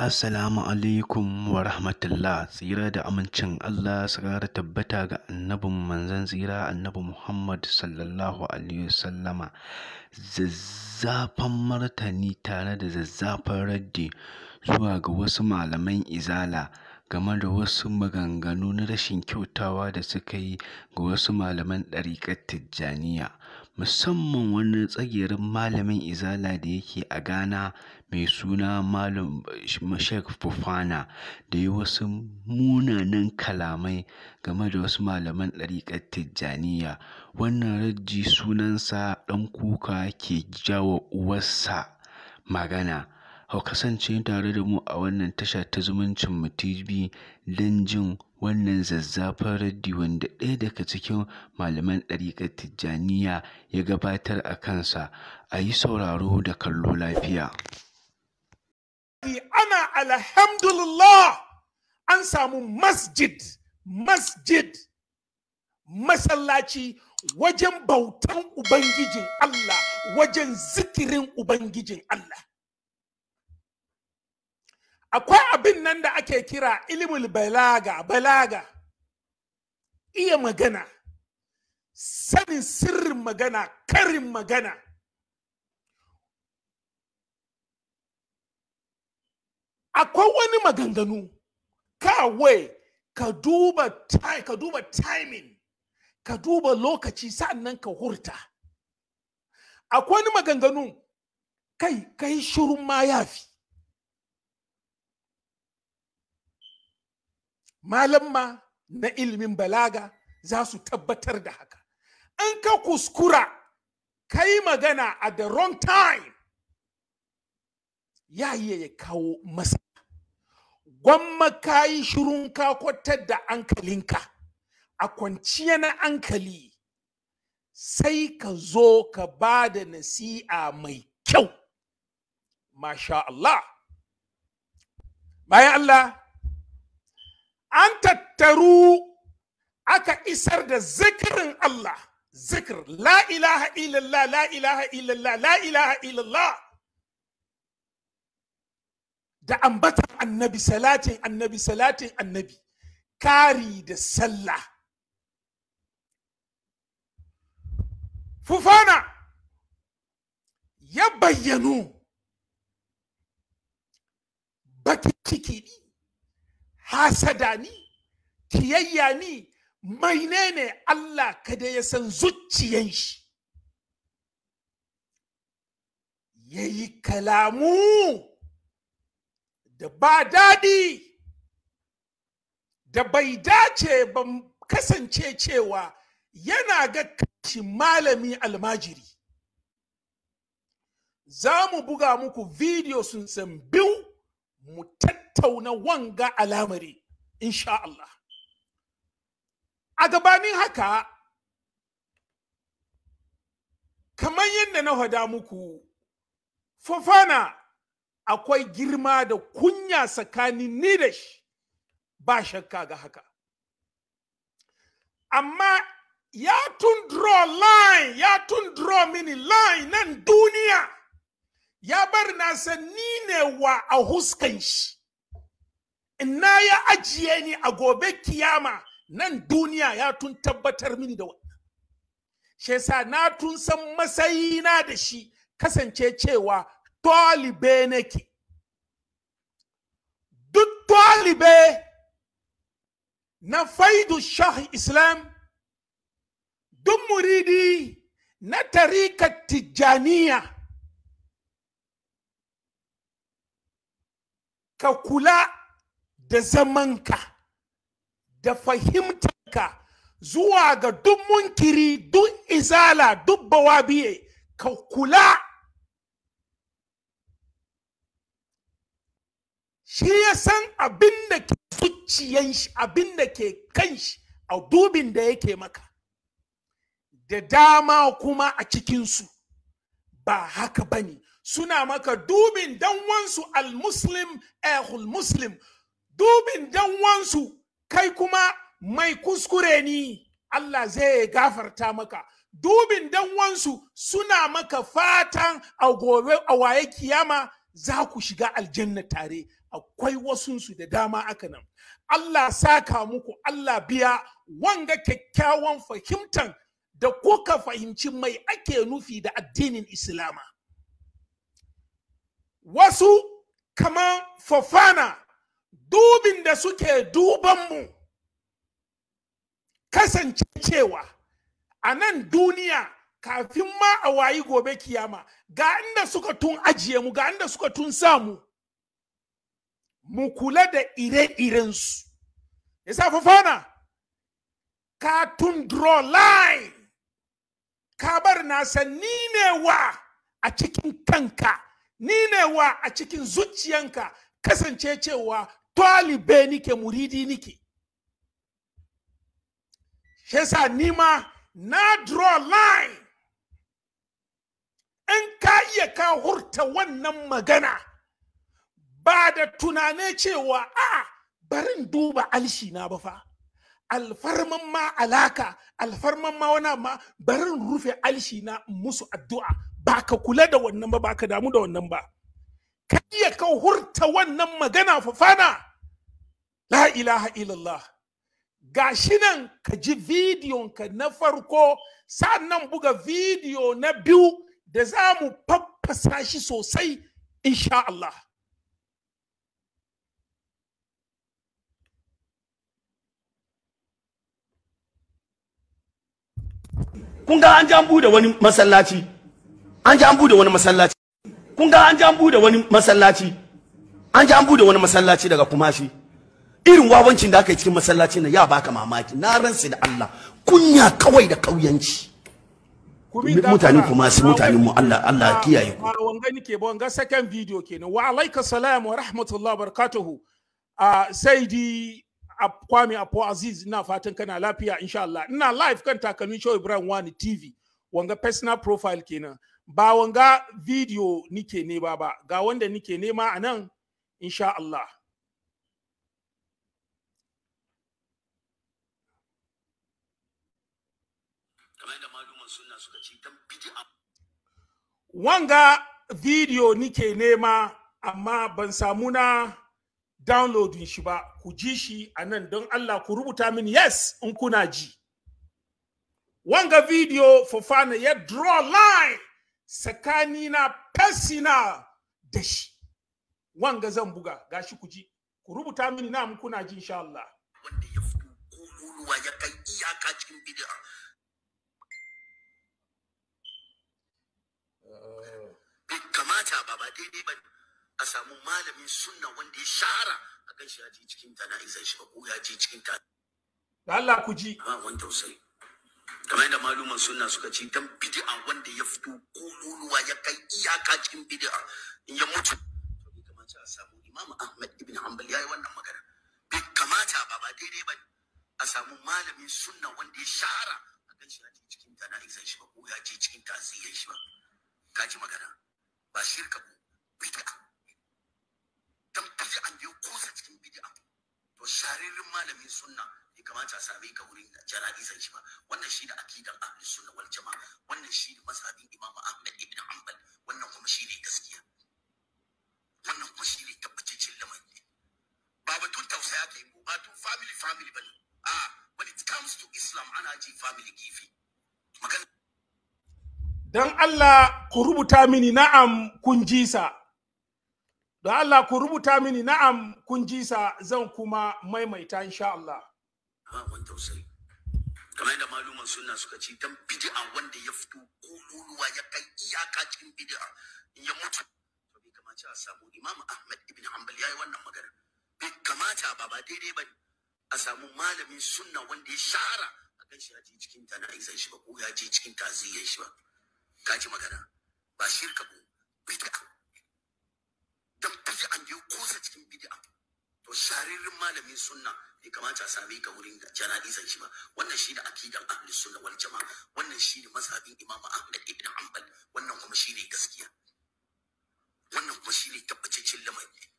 Assalamu alaikum wa rahmatullah tsira da amincin Allah tsirara tabbata ga annabin manzan tsira annabi Muhammad sallallahu alaihi wasallama zazzafan martani tare da zazzafan raddi zuwa ga wasu malaman izala game da wasu maganganu na rashin kyautawa da suka yi ga wasu malaman ɗariƙar Tijjaniya musamman wani tsagerin malamin izala da yake a Ghana mai suna Malam Sheikh Fufana da yi wasu munanan kalamai game da wasu malaman ɗariƙar Tijjaniya. Wannan rajji sunansa ɗan kuka ke jawa uwarsa magana. a kasance tare da mu a wannan tasha ta mu TV don jin wannan zazzafan radio wanda ɗaya daga cikin malaman ɗariƙar Tijjaniya ya gabatar a kansa. A yi sauraro da kallo lafiya. Ana alhamdulillah an samu masjid, masjid, masallaci wajen bautan Ubangijin Allah, wajen zikirin Ubangijin Allah. akwai abin nan da ake kira ilimul balaga balaga iya magana sanin sirrin magana karin magana akwai wani maganganu kawai ka duba ka duba timing ka duba lokaci sa'annan ka hurta akwai wani maganganu kai kai shirun ma yafi malamma na ilimin balaga za su tabbatar da haka in ka kuskura kai magana a the wrong time ya iya ya kawo masa gwamma ka yi shirin ka kwatar da ankalinka a kwanciya na ankali sai ka zo ka ba da nasi'a mai kyau masha Allah bayan Allah an tattaru aka isar da zikirin Allah zikir la ilaha illallah la ilaha illallah la ilaha illallah da ambatan annabi salatin annabi salatin annabi kari da sallah fufana ya bayyanu baki ciki hasada ni kiyayya ni maine ne Allah kada ya san zuciyan shi ya yi kalamu da ba daɗi da bai dace ban kasance cewa yana ga kashi malami almajiri za mu buga muku video sun san biyu mu tattauna. tattauna wanga alamari insha Allah a gabanin haka kamar yadda na hada muku fafana akwai girma da kunya tsakanin ni da shi ba shakka ga haka amma ya tun draw line ya tun draw mini line nan duniya ya bar na san ni ne wa a huskan shi na ya ajiye ni a gobe kiyama nan duniya ya tun tabbatar mini da wannan shi yasa na tun san na da shi kasance cewa talibe nake duk talibe na faidu shah islam duk muridi na tarikar tijjaniya ka kula da zamanka da fahimtarka zuwa ga duk munkiri duk izala duk bawabiye ka kula shi ya san abin da ke zuciyan shi abin da ke kan shi a dubin da yake maka da dama kuma a cikinsu ba haka bane suna maka dubin danwansu al-muslim ehul muslim dubin dan wansu kai kuma mai kuskure ni Allah zai gafarta maka dubin dan wansu suna maka fatan a gobe a waye kiyama za ku shiga aljanna tare akwai wasunsu da dama aka nan Allah saka muku Allah biya wanga kyakkyawan fahimtan da kuka fahimci mai ake nufi da addinin islama wasu kamar fafana dubin da suke dubanmu kasance cewa a nan duniya kafin ma a wayi gobe kiyama ga inda suka tun ajiye mu ga inda suka tun samu mu kula da ire-irensu yasa fafana ka tun draw line ka bar na san a cikin kanka ni a cikin zuciyanka kasance cewa talibe nike muridi nike shi nima na draw line in ka iya ka hurta wannan magana ba da tunane cewa a barin duba alshi na ba fa alfarman ma alaka alfarman ma wani ma barin rufe alshi na musu addu'a ba ka kula da wannan ba ba ka damu da wannan ba ka iya ka hurta wannan magana fafana la ilaha illallah ga shi nan ka ji bidiyon ka na farko sa'annan buga bidiyo na biyu da za mu faffasa shi sosai insha Allah kun ga an ji an bude wani masallaci an ji an bude wani masallaci kun ga an jambu an bude wani masallaci an jambu da wani masallaci daga kumashi irin wawancin da aka yi cikin masallaci na ya baka mamaki na ransu da Allah kunya kawai da kauyanci mutane kuma su mutane mu Allah Allah kiyaye ku wanga nike ba wanga second video kenan wa alayka salam wa rahmatullahi barakatuhu a saidi kwame apo aziz ina fatan kana lafiya insha Allah ina live kan takalmin show Ibrahim Wani TV wanga personal profile kenan ba wanga video nike nema ba ga wanda nike nema a nan insha Allah wanga video nike nema amma ban samu na downloading shi ba ku ji shi a nan don Allah ku rubuta mini yes in kuna ji wanga video fofana ya draw line tsakanina na da shi wanga zan buga gashi ku ji ku rubuta mini na muku na ji insha Allah wanda ya fito kololuwa ya kai iyaka cikin bid'a bai kamata ba ba daidai ba a samu malamin sunna wanda ya shahara a kan shi ya ji cikin jana'izar shi ba ko ya ji cikin ta Allah ku ji wanda kamar yadda maluman sunna suka ce dan bid'a wanda ya fito kululuwa ya kai iyaka cikin bid'a in ya mutu bai kamata a samu imam ahmad ibn hanbal yayi wannan magana bai kamata ba ba daidai ba a samu malamin sunna wanda ya shahara a kan shi ya je cikin jana'izan shi ba ko ya je cikin tasirin shi ba ka ji magana ba shirka ko bid'a dan bid'a ne ko sa cikin bid'a to sharirin malamin sunna bai kamata a same ka wurin jana'izar shi ba wannan shi da akidan ahlus sunna wal jama'a wannan shi da mazhabin imamu ahmad ibn hanbal wannan kuma shi ne gaskiya wannan kuma shi ne tabbacin lamari ba batun tausaya kai mu ba tun family family bane a when it comes to islam ana ji family gifi magana dan Allah ku rubuta mini na'am kun jisa don Allah ku rubuta mini na'am kun ji sa zan kuma maimaita insha Allah abin tausayi kamar yadda maluman sunna suka ce dan bid'a wanda ya fito kololuwa ya kai iyaka cikin bid'a in ya mutu to bai kamata a samu Imam Ahmad ibn Hanbal yayi wannan magana bai kamata ba ba daidai bane a samu malamin sunna wanda ya shara a kan shi ya je cikin tana'izan shi ba ko ya je cikin yi shi ba kaji magana ba shirka ko bid'a dan bid'an kosa cikin bid'a to malamin sunna bai kamata a ka wurin jana'izan shi ba wannan shi da akidan sunna wal jama'a wannan shi ne mazhabin imamu ahmad ibn hanbal wannan kuma shi ne gaskiya wannan kuma shi ne tabbataccen lamari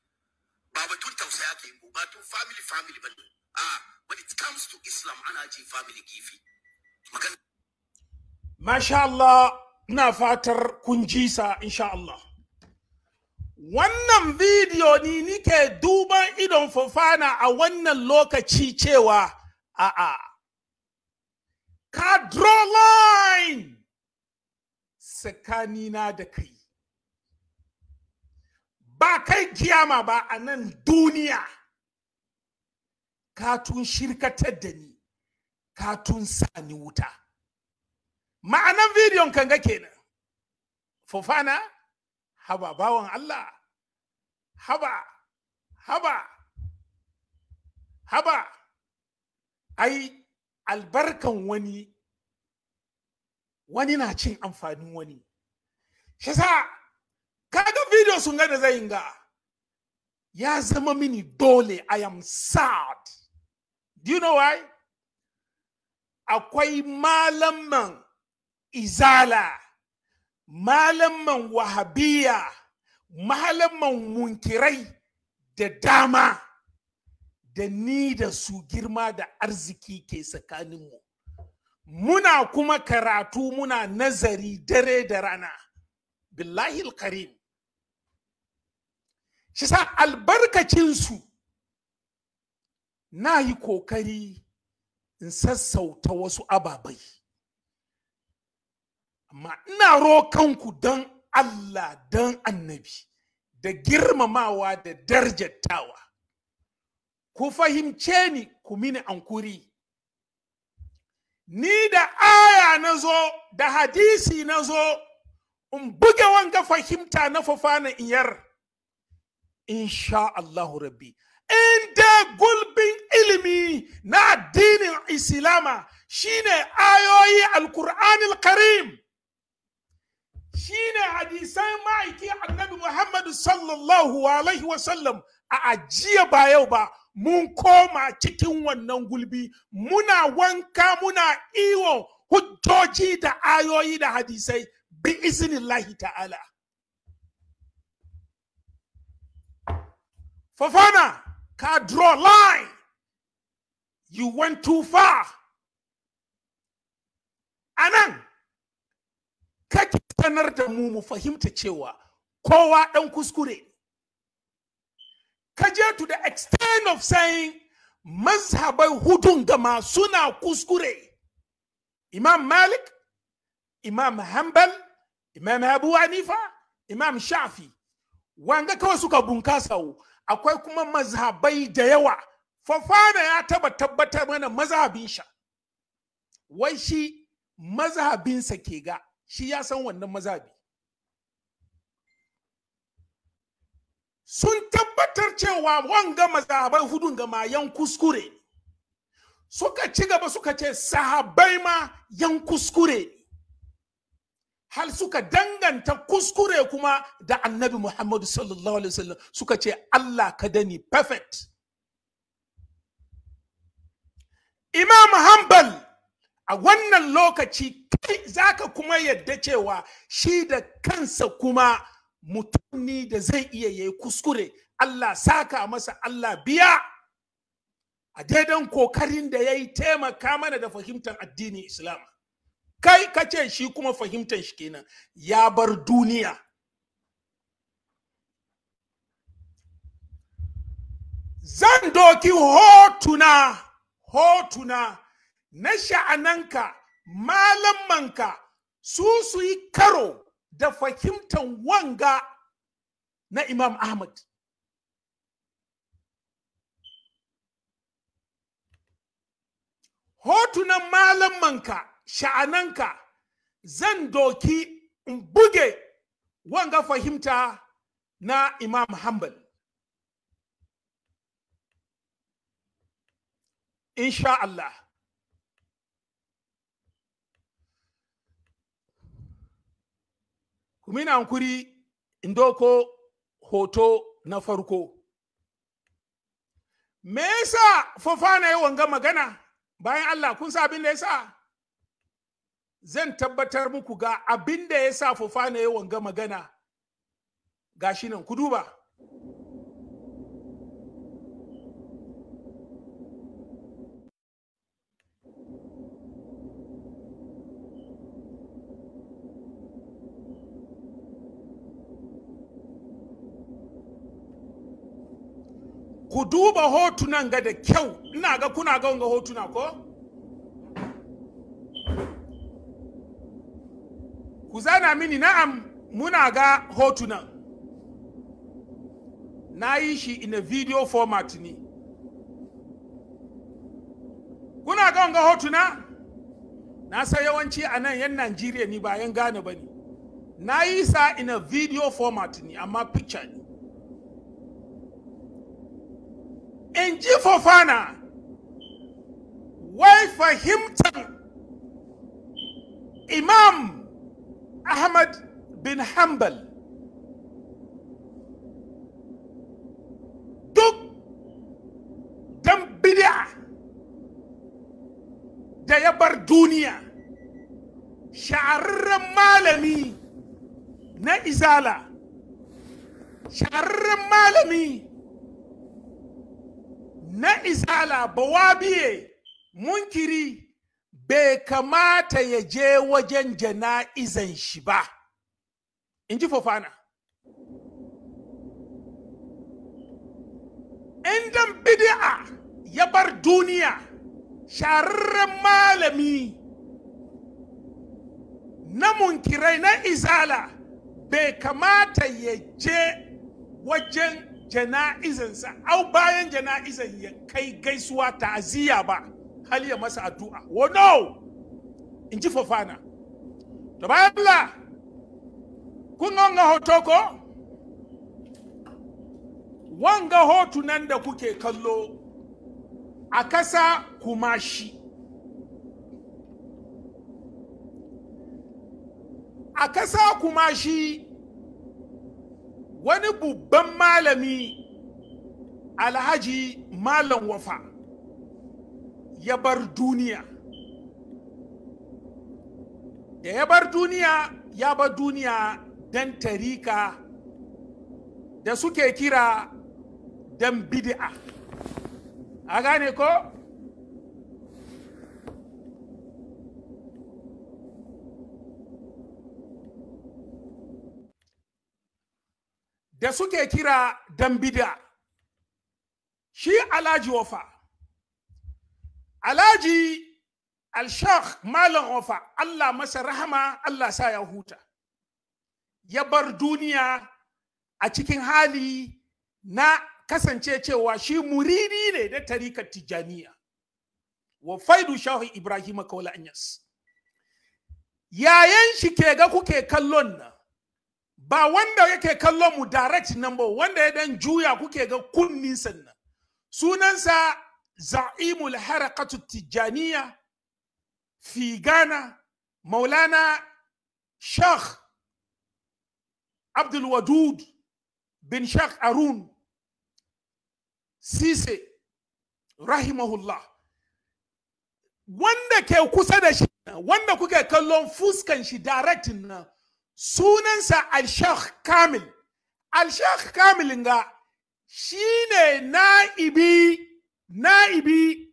ba batun tausaya ba batun family family ba a when it comes to islam ana ji family masha Allah ina fatar kun jisa insha Allah wannan bidiyo ni nike duban idon fofana a wannan lokaci cewa a'a ka draw line tsakanina da kai ba kai kiyama ba a nan duniya katun shirkatar da ni katun sani wuta ma'anan bidiyon kanga kenan fofana haba bawan Allah haba haba haba ai albarkan wani wani na cin amfanin wani shi sa kaga video sun ga da zai ga ya zama mini dole i am sad do you know why akwai malaman izala malaman wahabiya malaman munkirai da dama da ni da su girma da arziki ke tsakaninmu muna kuma karatu muna nazari dare da rana billahi karim shi sa albarkacinsu na yi kokari in sassauta wasu ababai amma ina ku don Allah don annabi da girmamawa da darjattawa ku fahimce ni ku mini ankuri ni da aya na zo da hadisi na zo in buga wanga fahimta na fafana iyar insha Allahu rabbi inda gulbin ilimi na addinin islama shine ayoyi alkur'anil karim shine hadisan ma'aiki annabi Muhammad sallallahu alaihi wasallam a ajiya ba yau ba mun koma cikin wannan gulbi muna wanka muna iwo hujjoji da ayoyi da hadisai bi iznillahi ta'ala Fafana ka draw line you went too far anan kake sanar da mu mu fahimta cewa kowa ɗan kuskure ka je to the extent of saying mazhabai hudun gama suna kuskure imam malik imam hanbal imam abu hanifa imam shafi wanga kawai suka bunkasa akwai kuma mazhabai da yawa fafana ya taba tabbatar mana mazhabin sha wai shi mazhabinsa ke ga shi ya san wannan mazabi sun tabbatar cewa wanga mazabai hudun ga ma kuskure suka ci gaba suka ce sahabai ma yan kuskure hal suka danganta kuskure kuma da annabi muhammadu sallallahu alaihi wasallam suka ce allah ka dani perfect imam hanbal a wannan lokaci kai ka kuma yadda cewa shi da kansa kuma mutum ne da zai iya yi kuskure Allah saka masa Allah biya a daidan kokarin da ya yi taimaka mana da fahimtar addinin Islam. Kai ka ce shi kuma fahimtar shi kenan ya bar duniya. Zan doki hotuna, hotuna na sha'ananka malamanka su su yi karo da fahimtar wanga na imam ahmad hotunan malamanka sha'ananka zan doki in buge wanga fahimta na imam hanbal insha Allah Mina nkuri hankuri hoto na farko me yasa fofana yi wanga magana bayan Allah kun sa abin da yasa zan tabbatar muku ga abin da yasa fofana yi wanga magana gashi nan ku duba ku duba hotunan ga da kyau ina ga kuna ga wanga hotuna ko ku zana mini na'am muna ga hotunan na yi shi in a video format ne kuna ga wanga hotuna na san yawanci a nan yan najeriya ni ba yan gane ba ne na yi sa in a video format ne amma picture ne in ji fofana wai fahimtar imam ahmad bin hanbal duk dan bid'a da ya bar duniya shahararren malami na izala shahararren malami na isala bawabiye munkiri bai kamata ya je wajen jana'izan shi ba in ji fofana indan bid'a ya bar duniya shararren malami na munkirai na isala bai kamata ya je wajen jana'izansa au bayan jana'izan ya kai gaisuwa ta'aziyya ba hal ya masa addu'a wa oh, no in ji fafana to bayan Allah kun ga hoto ko wanga nan da kuke kallo a kasa kuma a kasa kumashi. wani babban malami alhaji malam wafa ya bar duniya da ya bar duniya ya bar duniya don tarika da suke kira don bid'a a gane ko da suke kira dambida shi alhaji wafa alhaji alshak malam wafa allah masa rahama allah sa ya huta ya bar duniya a cikin hali na kasance cewa shi muridi ne da tarikar tijaniya wa faidu shahu ibrahim kaula anyas yayan shi ke ga kuke kallon nan ba wanda yake kallon mu direct number wanda ya dan juya kuke ga kunnin sannan sunansa za'imul harakatu tijaniya fi gana maulana shakh abdul wadud bin shakh arun sise rahimahullah wanda ke kusa da shi wanda kuke kallon fuskan shi direct nan sunansa al kamil al kamil ga shine na'ibi na'ibi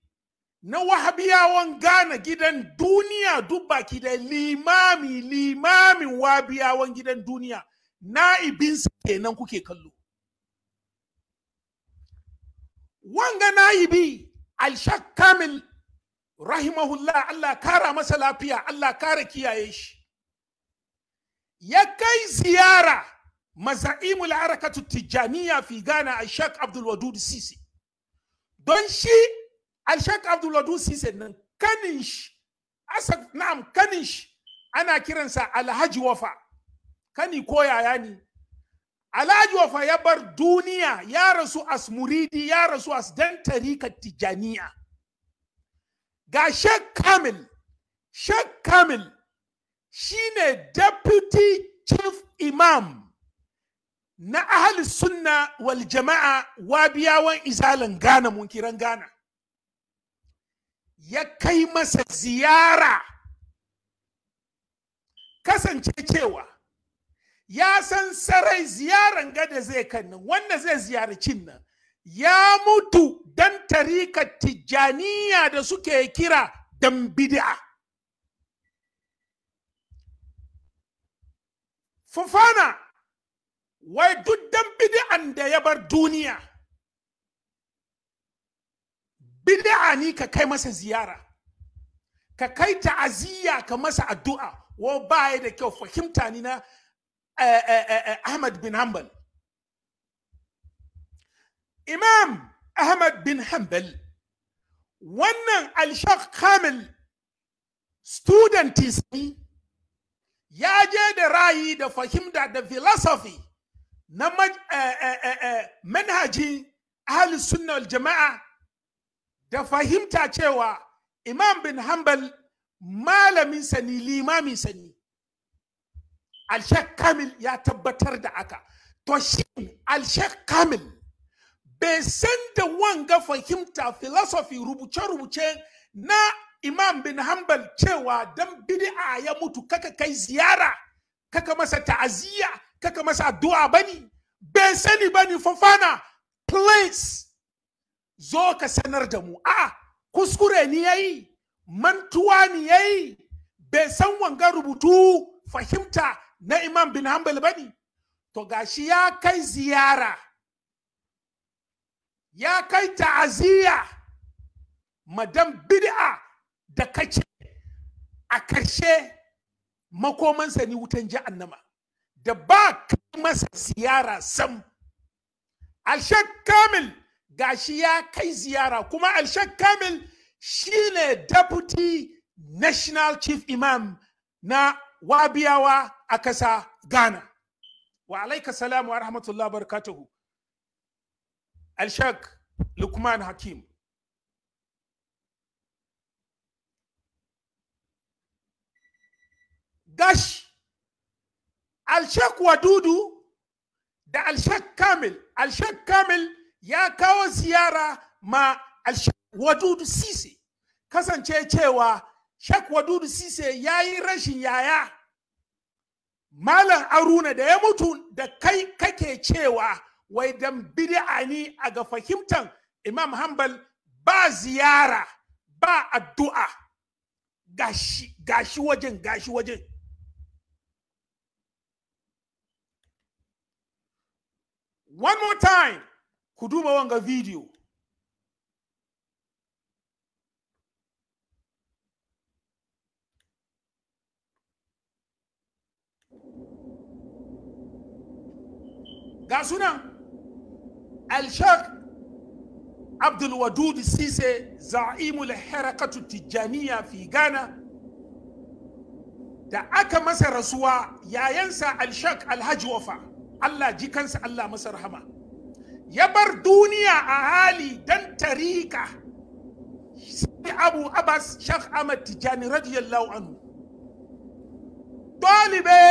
na wahabiyawan gana gidan duniya duk baki da limami limamin wahabiyawan gidan duniya na'ibinsa kenan kuke kallo wanga na'ibi al-sheikh kamil rahimahullah Allah kara masa lafiya Allah kara kiyaye shi ya kai ziyara maza'imu la'arakatu tijjaniya fi Ghana a Sheikh Abdul Wadud Sisi. Don shi a Sheikh Abdul Wadud Sisi nan kanin shi, asab na'am kanin shi ana kiransa Alhaji Wafa. Kani ko yaya ne? Alhaji Wafa ya bar duniya ya rasu as muridi ya rasu as dan tarikar tijjaniya. Ga shek Kamil, shek Kamil Shi ne deputy chief imam na ahli sunna wal jama'a wabiyawan izalin ghana kiran ghana ya kai masa ziyara kasance cewa ya san sarai ziyaran gada zai kan wanda zai ziyarci nan ya mutu dan tarika tijjaniya da suke kira dan bid'a fufana wai duk dan bid'an da ya bar duniya bid'a ni ka kai masa ziyara ka kai ta'aziyya ka masa addu'a wa baya da kyau fahimta ni na eh, eh, eh, Ahmad bin Hanbal Imam Ahmad bin Hanbal wannan alshak Kamil student ne ya je da ra'ayi da fahimta da philosophy na eh, eh, eh, manhaji ahli sunna jama'a da fahimta cewa imam bin hanbal malamin sani limamin sani alshek kamil ya tabbatar da aka to shi alshek kamil bai san da wanga fahimta philosophy rubuce-rubuce na imam bin hanbal cewa dan bid'a ya mutu kaka kai ziyara kaka masa ta'aziyya kaka masa addu'a bani bai sani bani fafana please zo ka sanar da mu a' kuskure ni yayi mantuwa ni yayi bai san wanga rubutu fahimta na imam bin hanbal bani to gashi ya kai ziyara ya kai ta'aziyya madam bid'a da kace a karshe makomansa ni wutan annama da ba kai masa ziyara sam alshak kamil ga shi ya kai ziyara kuma alshak kamil shine deputy national chief imam na wabiyawa a ƙasa ghana wa alaika salamu wa rahmatullah barakatuhu alshak lukman hakim gashi alshak wadudu da alshak kamil alshak kamil ya kawo ziyara ma alshak wadudu sise kasance cewa shak wadudu sise ya yi rashin yaya malam aruna da ya mutu da kai kake cewa wai dan bid'a ni a ga fahimtan imam hanbal ba ziyara ba addu'a gashi gashi wajen gashi wajen one more time ku duba wanga video ga sunan alshak abdulwadud sise za'imu harakatu tijjaniya fi ghana da aka masa rasuwa Al alshak alhaji wafa Allah ji kansa Allah masa rahama ya bar duniya a hali dan tarika sai abu abbas shak ahmad tijani radiyallahu anhu dalibe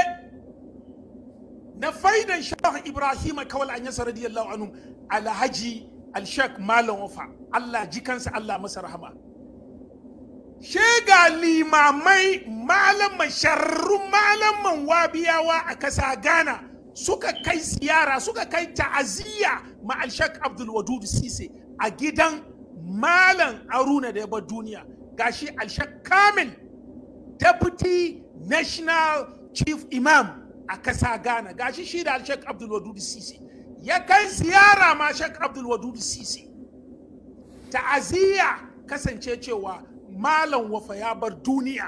na faidan shak ibrahim kawal an yasa radiyallahu anhu alhaji alshak malam wafa Allah ji kansa Allah masa rahama shega limamai malaman sharrun malaman wabiyawa a kasa ghana suka kai ziyara suka kai ta'aziyya ma alshak abdul wadud sise a gidan malam aruna da ya bar duniya gashi alshak kamil deputy national chief imam a kasa ghana gashi shi da alshak abdul wadud sise ya kai ziyara ma shak abdul wadud sise ta'aziyya kasance cewa malam wafa ya bar duniya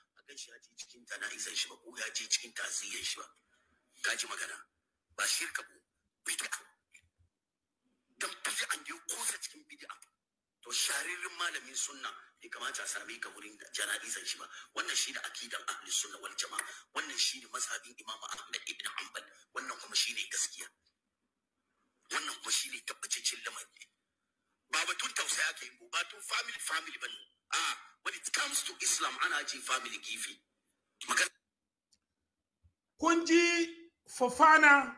a gan shi ya je cikin jana'izan shi ba ko ya je cikin tasirin shi ba ka ji magana ba shirka ba bid'a dan bid'an da ya kosa cikin bid'a to sharirrin malamin sunna bai kamata a same ka wurin jana'izan shi ba wannan shi ne akidan ahli sunna wal jama'a wannan shi ne mazhabin imamu ahmad ibn hanbal wannan kuma shi ne gaskiya wannan kuma shi ne tabbacin lamari ba batun tausaya ka yi ba batun family family bane ah when it comes to islam ana family kun fofana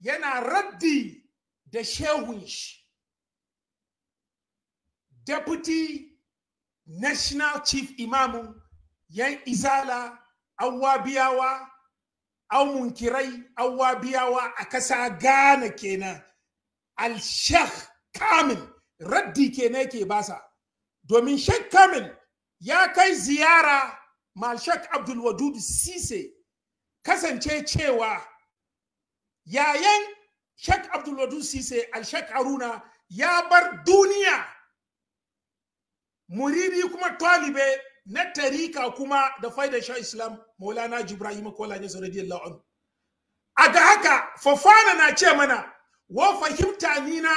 yana raddi da shehun shi deputy national chief imamu yan izala awwabiyawa aw munkirai biyawa a kasa ghana kenan al-sheikh kamil raddi kenan ke basa domin Sheikh Kamil ya kai ziyara ma Sheikh Abdul Wadud Sise kasance cewa yayin Sheikh Abdul Wadud Sise al Sheikh Haruna ya bar duniya muridi kuma talibe na tarika kuma da faida sha Islam Maulana Jibrahim Kolani radiyallahu anhu a ga haka fafana na ce mana wa fahimta ni na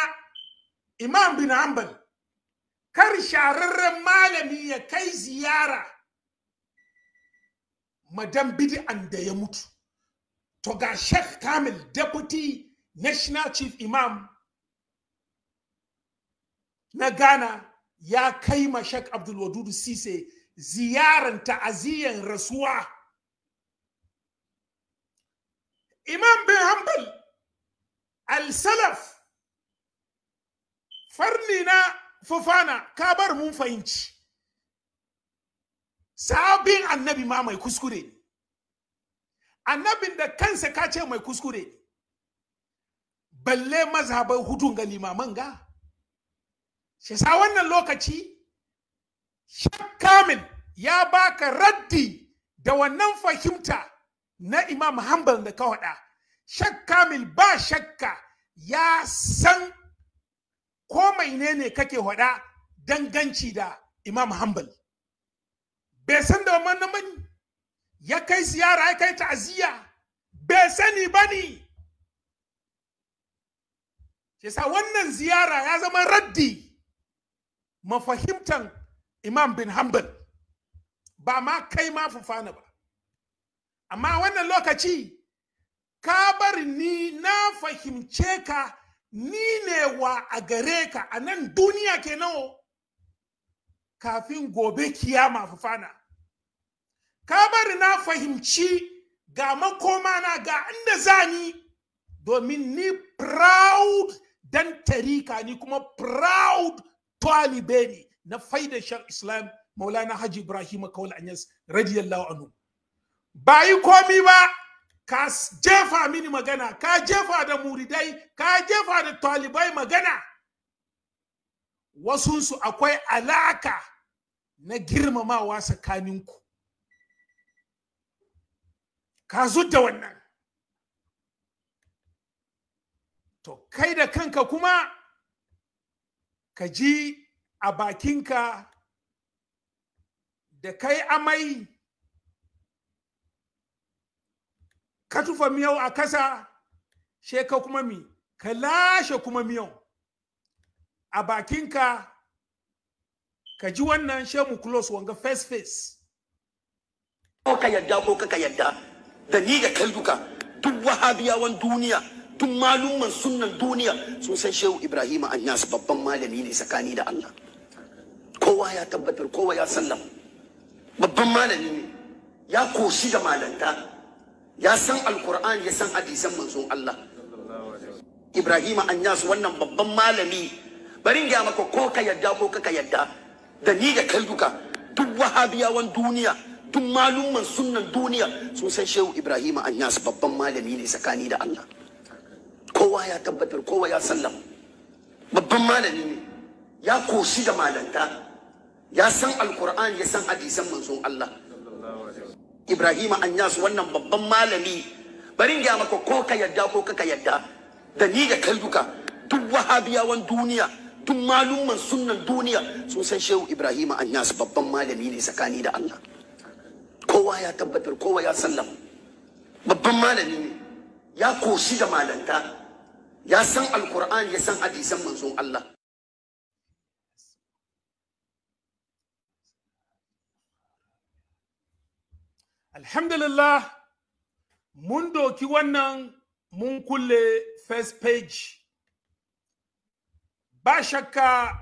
Imam bin Hanbal kar shararren malami ya kai ziyara madan bid'an da ya mutu to ga sheikh kamil deputy national chief imam na ghana ya kai ma sheikh abdul wadudu sise ziyaran ta'aziyyar rasuwa imam bin hanbal al-salaf Farnina. na fufana ka bar mun fahimci sabin annabi ma mai kuskure annabin da kansa ka ce mai kuskure balle mazhabai hudun ga limaman ga shi sa wannan lokaci shakkamil ya baka raddi da wannan fahimta na imam hanbal da ka waɗa ba shakka ya san ko mai ne ne kake hada danganci da imam hanbali bai san da wannan bane ya kai ziyara ya kai ta'aziyya bai sani Ke sa wannan ziyara ya zama raddi mafahimtan imam bin hanbal ba ma kai ma fufana ba amma wannan lokaci ka bar ni na fahimce ka ni ne wa a gare ka a nan duniya ke nawa kafin gobe kiyama fufana ka bari na fahimci ga makoma na ga inda zani domin ni proud dan tarika ni kuma proud talibe ne na faida shar islam maulana haji ibrahim kawal anyas radiyallahu anhu ba yi komi ba ka jefa mini magana ka jefa da muridai ka jefa da talibai magana wasunsu akwai alaka na girmamawa tsakaninku ka da wannan to kai da kanka kuma ka ji a bakinka da kai amai ka tufa miyau a kasa she ka kuma mi ka lashe kuma miyau a bakinka ka ji wannan she mu close wanga first face ko ka yadda ko ka yadda da ni da kalduka duk wahabiyawan duniya duk malumman sunnan duniya sun san shehu ibrahim annas babban malami ne tsakani da allah kowa ya tabbatar kowa ya sallama babban malami ne ya koshi da malanta ya san alkur'ani ya san hadisan manzon Allah an Anyas wannan babban malami barin gaya maka ko ka yadda ko ka yadda da ni da kai duka duk wahabiyawan duniya duk malumman sunnan duniya sun san Shehu Ibrahima Anyas babban malami ne tsakani da Allah kowa ya tabbatar kowa ya sallama babban malami ne ya koshi da malanta ya san alkur'ani ya san hadisan manzon Allah Ibrahim Anyas wannan babban malami bari ga maka ko ka yadda ko ka yadda da ni da kalduka duk wahabiyawan duniya duk malumman sunnan duniya sun san Shehu Ibrahim Anyas babban malami ne tsakani da Allah kowa ya tabbatar kowa ya sallama babban malami ne ya koshi da malanta ya san alkur'ani ya san hadisan manzon Allah alhamdulillah mun doki wannan mun kulle first page ba shakka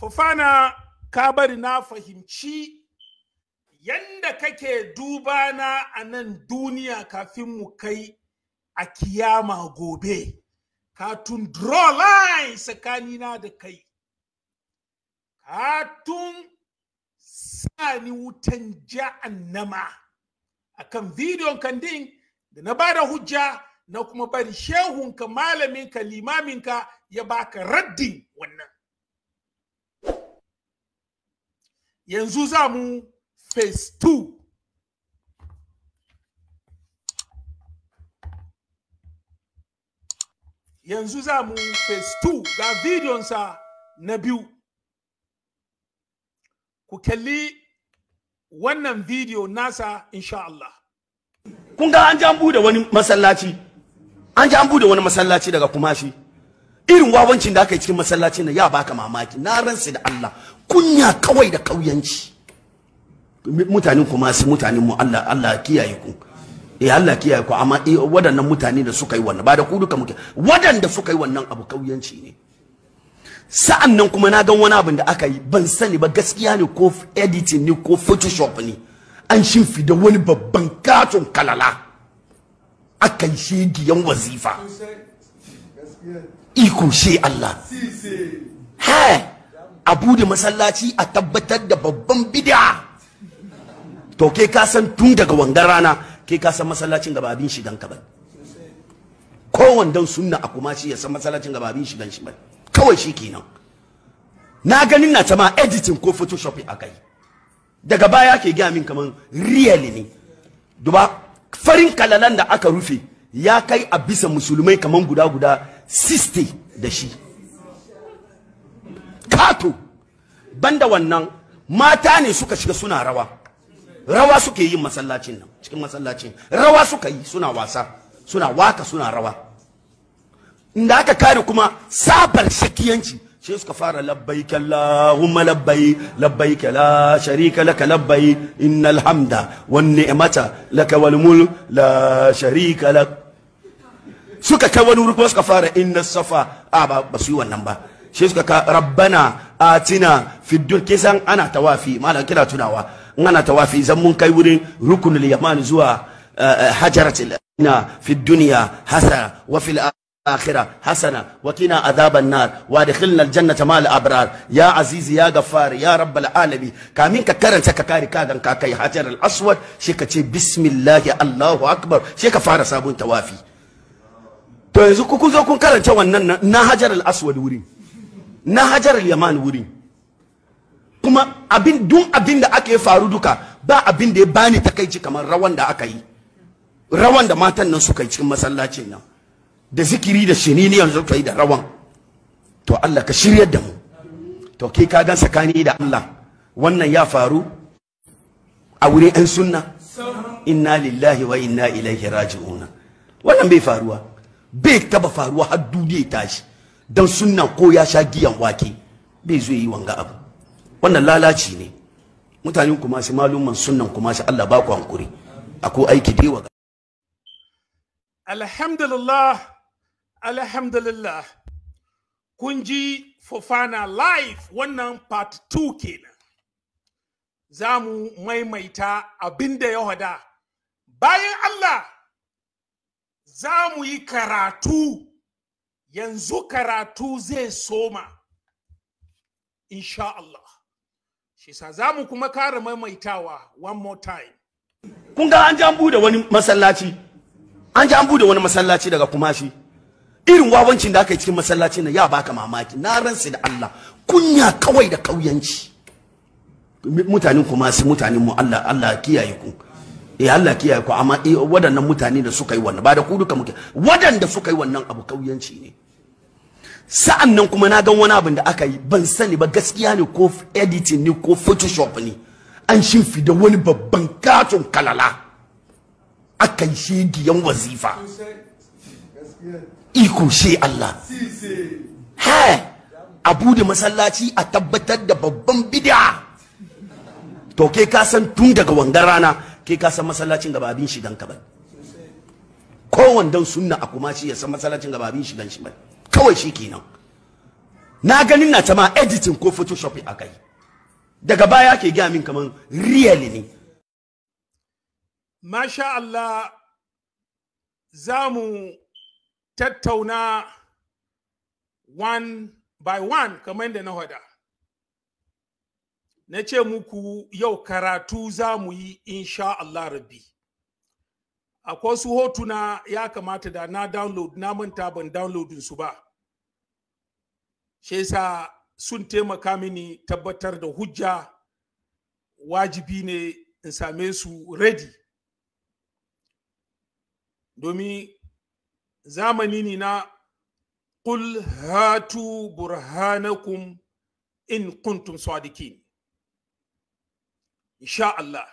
fufana ka bari na fahimci yanda kake duba na a nan duniya kafin mu kai a kiyama gobe ka tun draw line tsakanina da kai katun tun sa ni wutan nama. akan bidiyon kan din da na bada hujja na kuma bari shehunka malaminka limaminka ya baka raddin wannan yanzu za mu phase 2 yanzu za mu phase 2 ga bidiyonsa na biyu ku kalli wannan video nasa insha Allah kun ga an ji an bude wani masallaci an ji an bude wani masallaci daga kumashi irin wawancin da aka yi cikin masallacin nan ya baka mamaki na ransa da Allah kunya kawai da kauyanci mutanen kuma su mutanen mu Allah Allah kiyaye ku eh Allah kiyaye ku amma eh, wadannan mutane da suka yi wannan ba da ku duka muke waɗanda suka yi wannan abu kauyanci ne sa'an nan kuma na gan wani abin da aka yi ban sani ba gaskiya ne ko editing ne ko photoshop ne an da wani babban katon kalala aka yi shegiyan wazifa iko she Allah ha a bude masallaci a tabbatar da babban bid'a to ke ka san tun daga wangan rana ke ka san masallacin gaba abin shigan ka ba ko wandan sunna a kuma shi ya san masallacin gaba abin shigan shi ba kawai shi kenan na ganin na ta ma editing ko photoshop a yi daga baya ke gaya min kaman real ne duba farin kalalan da aka rufe ya kai a bisa musulmai kaman guda guda 60 da shi kato banda wannan mata ne suka shiga suna rawa rawa suke yin masallacin nan cikin masallacin rawa suka yi suna wasa suna waka suna rawa inda aka kare kuma sabar shakiyanci shi suka fara labbaik Allahumma la sharika laka innal hamda wan ni'mata laka wal la sharika lak suka kai wani suka fara inna safa a ba ba su yi wannan ba suka ka rabbana atina dun kisan ana tawafi malam kina tunawa in ana tawafi zan mun kai wurin rukunul yaman zuwa eh, eh, hajaratil ina fid dunya hasa wa fil الآخرة حسنة وقنا ya النار وادخلنا الجنة مع الأبرار يا عزيزي يا غفار يا رب العالمين كامين ككرن سككاري كادن كاكاي حجر الأسود شيكا بسم الله الله أكبر شيكا fara سابون توافي to yanzu ku zo kun karanta wannan na hajar al-aswad wuri na hajar al kuma abin dun abin da aka faru duka ba abin da ya bani takaici kamar rawan da aka yi rawan da matan nan suka yi cikin masallacin nan da zikiri da shinini yanzu kai da rawan to Allah ka shiryar da mu to kai ka gan sakani da Allah wannan ya faru a wurin ɗan sunna inna lillahi wa inna ilaihi raji'una wannan bai faruwa bai taba faruwa har duniya tashi dan sunna ko ya sha giyan wake bai zo yi wanga abu wannan lalaci ne mutanen kuma su malumman sunnan kuma su Allah ba ku hankuri akwai aiki da yawa alhamdulillah alhamdulillah kun ji fofana live wannan part 2 kenan za mu maimaita abin da ya hada bayan allah za mu yi karatu yanzu karatu zai soma insha'allah allah shi sa za mu kuma kara maimaitawa one more time kun ga an ji an bude wani masallaci an ji an bude wani masallaci daga kumashi irin wawancin da aka yi cikin masallacin nan ya baka mamaki na ransa da Allah kunya kawai da kauyanci mutanen ku masu mutanen mu Allah Allah kiyaye ku eh Allah kiyaye ku amma eh, waɗannan mutane da suka yi wannan ba da ku duka muke waɗanda suka yi wannan abu kauyanci ne sa'an nan kuma na gan wani abin da aka yi ban sani ba gaskiya ne ko editing ne ko photoshop ne an shimfi da wani babban katon kalala akan shi giyan wazifa iko shi Allah ha a da masallaci a tabbatar da babban bid'a to ke ka san tun daga wangan rana ke ka san masallacin gaba abin shi dan ka bai ko wandan sunna a kuma shi ya san masallacin gaba abin shi dan shi bai kawai shi kenan na ganin na ta ma editing ko photoshop a kai daga baya ke gaya min kaman real ne masha Allah zamu tattauna one by one kamar da na hada na ce muku yau karatu za mu yi insha Allah rabbi akwai su hotuna ya kamata da na download na manta ban downloadin su ba shi yasa sun taimaka mini tabbatar da hujja wajibi ne in same su ready domin zamani ne na qul hatu burhanakum in kuntum sadiqin insha Allah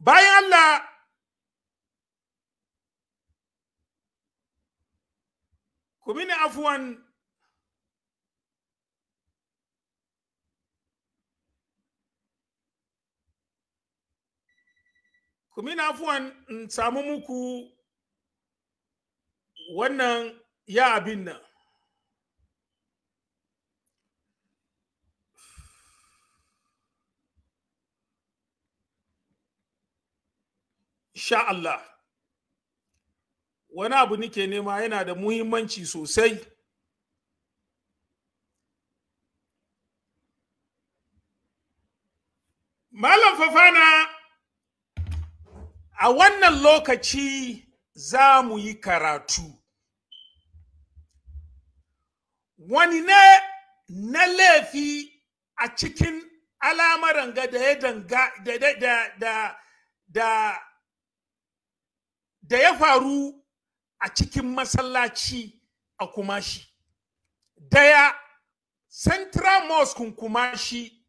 bayan Allah ku mini afuwan ku mini afuwan in samu muku wannan ya abin nan sha Allah wani abu nike nema yana da muhimmanci sosai malam fafana a wannan lokaci za mu yi karatu wani ne na laifi a cikin alamaran ga da ya faru a cikin masallaci a kumashi daya central mosque kumashi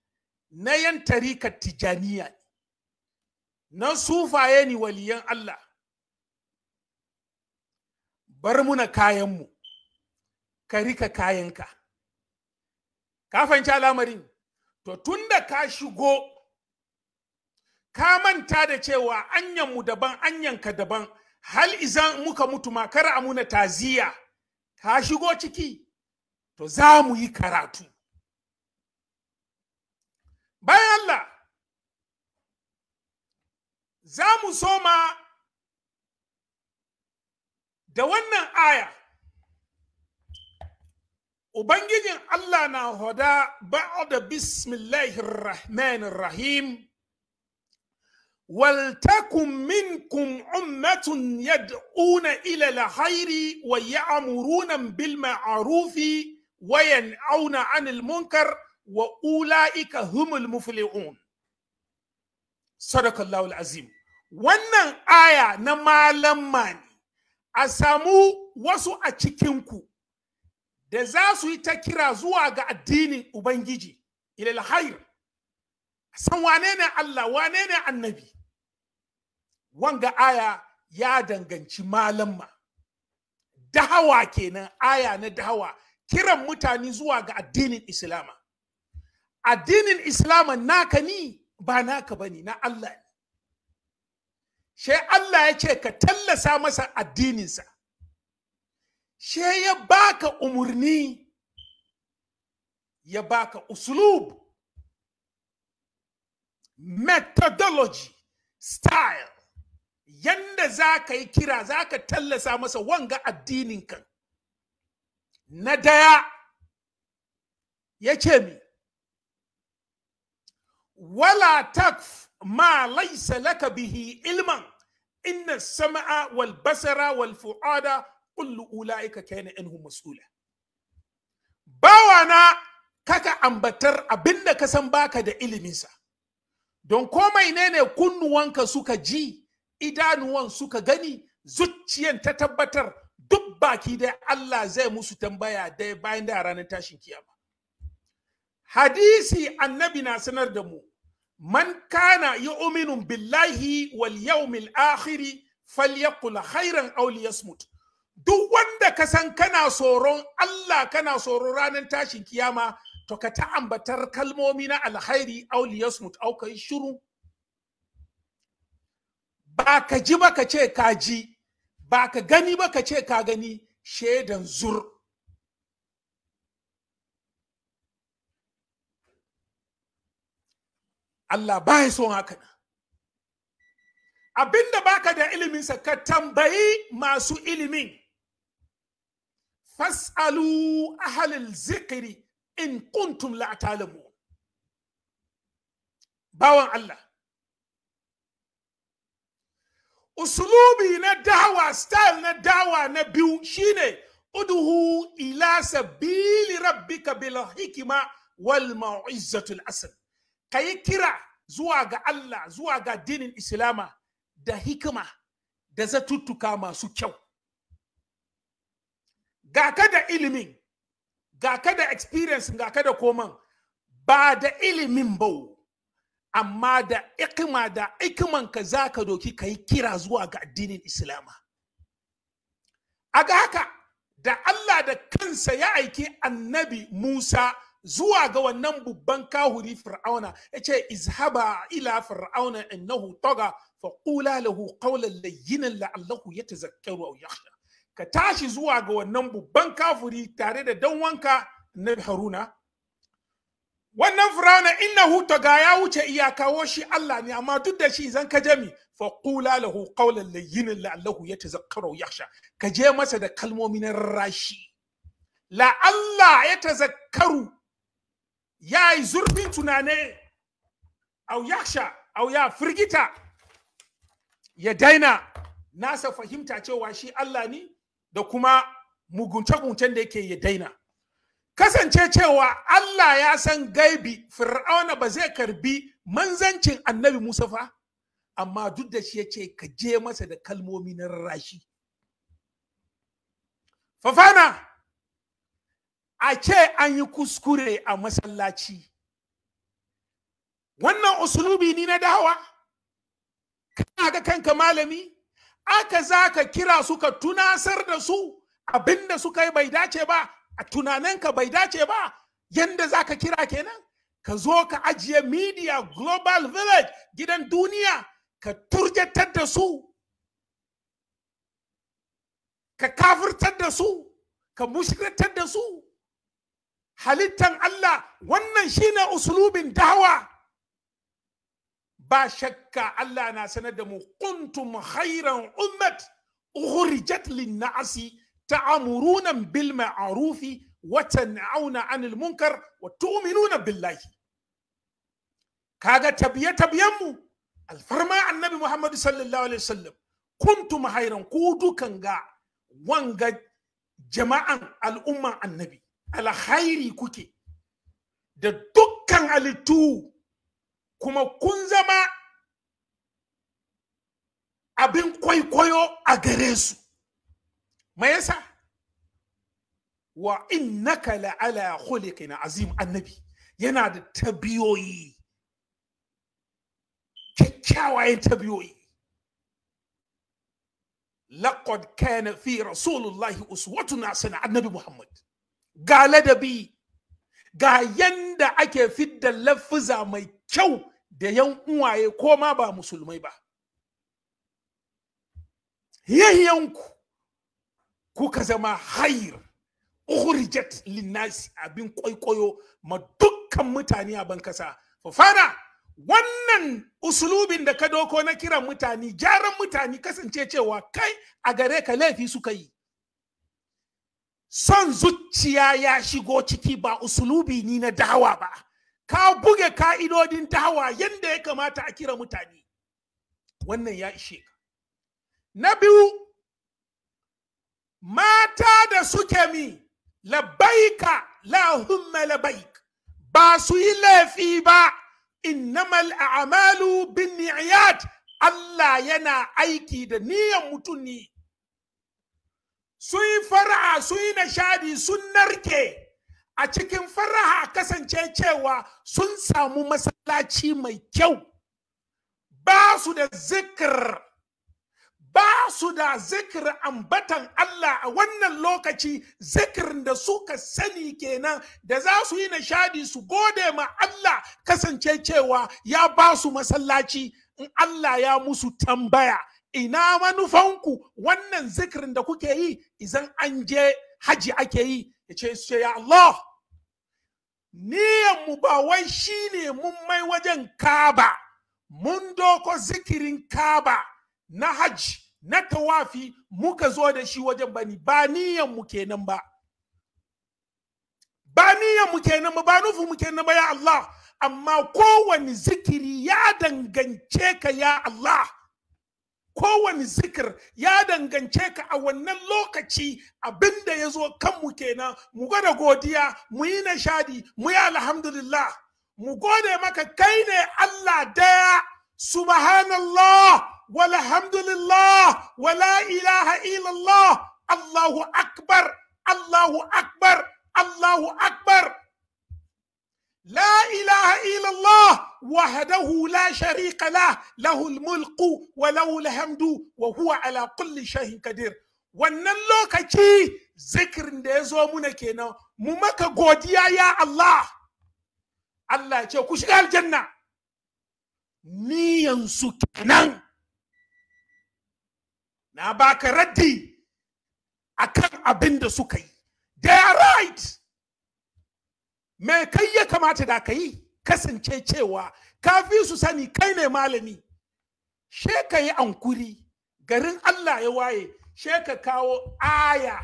na yan tarikar tijaniya na sufaye ni waliyan Allah bar muna kayanmu ka rika kayanka ka fahimci al'amarin to tun da ka shigo ka manta da cewa anyanmu daban anyanka daban hal izan muka mutu ma kar a muna taziya ka shigo ciki to za mu yi karatu bayan Allah za mu soma da wannan aya ubangijin Allah na hoda ba'da bismillahir rahmanir rahim ولتكن منكم أمة يدعون إلى الخير ويأمرون بالمعروف وينأون عن المنكر وأولئك هم المفلحون صدق الله العظيم wannan aya na malam a samu wasu a cikinku da za su yi ta kira zuwa ga addinin Ubangiji, ilal hayr san wane ne Allah, wane ne annabi. Wanga aya ya danganci malamma. Dahawa kenan aya na dahawa, kiran mutane zuwa ga addinin Islama. Addinin Islama naka ni ba naka bane na Allah ne. she Allah ya ce ka tallasa masa addininsa she ya baka umurni ya baka uslub methodology style yanda za ka yi kira za ka tallasa masa wanga addinin ka na daya ya ce mi wala takfu. ma laysa laka bihi ilman inna sama'a wal basara wal fu'ada kullu ula'ika kana anhum mas'ula bawana kaka ambatar abinda ka san baka da iliminsa don komai ne ne kunnuwanka suka ji idanuwan suka gani zuciyan ta tabbatar duk baki dai Allah zai musu tambaya dai bayan da ranar tashin kiyama hadisi annabi na sanar da mu man kana yu'minu billahi wal yawmil akhir falyaqul khairan aw duk wanda ka san kana tsoron Allah kana tsoron ranar tashin kiyama to ka ta ambatar kalmomi na alkhairi aw liyasmut aw kai shiru ba ka ji ba ka ce ka ji ba ka gani ba ka ce ka gani shaidan zur Allah ba ya son haka abinda baka da iliminsa ka tambayi masu ilimin fas'alu ahalil zikiri in kuntum la talibu bawan Allah usulubi na dawa style na dawa na biyu shine uduhu ila sabili rabbika bil hikima wal mau'izatul asl ka yi kira zuwa ga Allah zuwa ga dinin Islama da hikima da zatuttuka masu kyau ga ka da ilimin ga ka da experience ga ka da koman ba da ilimin bau amma da ikima da ikimanka za ka doki ka yi kira zuwa ga addinin islama a ga haka da allah da kansa ya aiki annabi musa zuwa ga wannan babban kahuri fir'auna ya ce izhaba ila fir'auna innahu taga fa qula lahu qawlan layyinan la'allahu yatazakkaru aw yakhsha ka tashi zuwa ga wannan babban kafuri tare da wanka na haruna wannan fir'auna innahu taga ya wuce iyakawo shi Allah ne amma duk da shi zan ka jami fa qula lahu qawlan layyinan la'allahu yatazakkaru yakhsha ka je masa da kalmomin rashi la Allah ya ya yi zurfin tunane au yaksha au ya firgita ya daina nasa fahimta cewa shi Allah ni, da kuma mugunce-guncen da yake ya daina kasance cewa Allah ya san gaibi fir'auna ba zai karbi manzancin annabi Musa fa amma duk da shi ya ce ka je masa da kalmomi na rashi fafana a ce an yi kuskure a masallaci wannan usulubi ni na dawa kana ga kanka malami aka zaka ka kira su ka tunasar da su abinda suka yi bai dace ba a tunaninka bai dace ba yanda zaka kira kenan ka zo ka ajiye media global village gidan duniya ka turjatar da su ka kafirtar da su ka mushkirtar da su halittan Allah wannan shine usulubin dawa ba shakka Allah na sanar da mu kuntum khairan ummat ukhrijat lin-nasi ta'muruna bil ma'rufi wa tan'auna 'anil munkar wa tu'minuna billahi kaga tabiye tabiyan mu alfarma annabi Muhammad sallallahu alaihi wasallam kuntum khairan ku dukan ga wanga jama'an al'umman annabi alkhairi kuke da dukkan halittu kuma kun zama abin kwaikwayo a gare su me yasa wa innaka la'ala khuliqin azim annabi yana da tabiyoyi kyakkyawayen tabiyoyi laqad kana fi rasulullahi uswatun hasana annabi muhammad ga ladabi ga yanda ake fidda lafuza mai kyau da yan uwaye ko ma ba musulmai ba yayyanku kuka zama hayir ukhrijat linnasi abin kwaikwayo ma dukkan mutane a bankasa fafana wannan usulubin da ka doko na kiran mutane gyaran mutane kasance cewa kai a gare ka laifi suka yi son zuciya ya shigo ciki ba usulubi ni na dawa ba ka buge ka'idodin dawa yadda ya kamata a kira mutane wannan ya ishe ka na biyu mata da suke mi labbaika lahumma labbaik ba su yi laifi ba innamal a'malu bin niyyat Allah yana aiki da niyan mutum ne sun yi fara'a sun yi nishadi sun narke a cikin fara'a kasance cewa sun samu masallaci mai kyau ba su da zikir ba su da zikir ambatan Allah a wannan lokaci zikirin da suka sani kenan da za su yi nishadi su gode ma Allah kasance cewa ya ba su masallaci in Allah ya musu tambaya ina manufanku wannan zikirin da kuke yi idan an je haji ake yi ya ce su ya Allah mu ba wai shi ne mun mai wajen kaba mun doko zikirin kaba na haji na tawafi muka zo da shi wajen bani ba mu kenan ba ba mu kenan ba ba nufin mu kenan ba ya Allah amma kowane zikiri ya dangance ka ya Allah kowane zikir ya dangance ka a wannan lokaci abin da ya zo kanmu kenan mu gwada godiya mu yi nishadi mu yi alhamdulillah mu gode maka kai ne Allah daya subhanallah walhamdulillah wala ilaha illallah Allahu akbar Allahu akbar Allahu akbar لا إله إلا الله وحده لا شريك له له الملك وله الحمد وهو على كل شيء قدير wannan lokaci zikirin da ya zo muna kenan mu maka godiya ya Allah Allah ce ku shiga aljanna ni yansu kenan na baka raddi akan abin da suka yi they are right me kai ya kamata da ka yi kasance cewa kafi su sani kai ne malami she ka yi ankuri garin Allah ya waye she ka kawo aya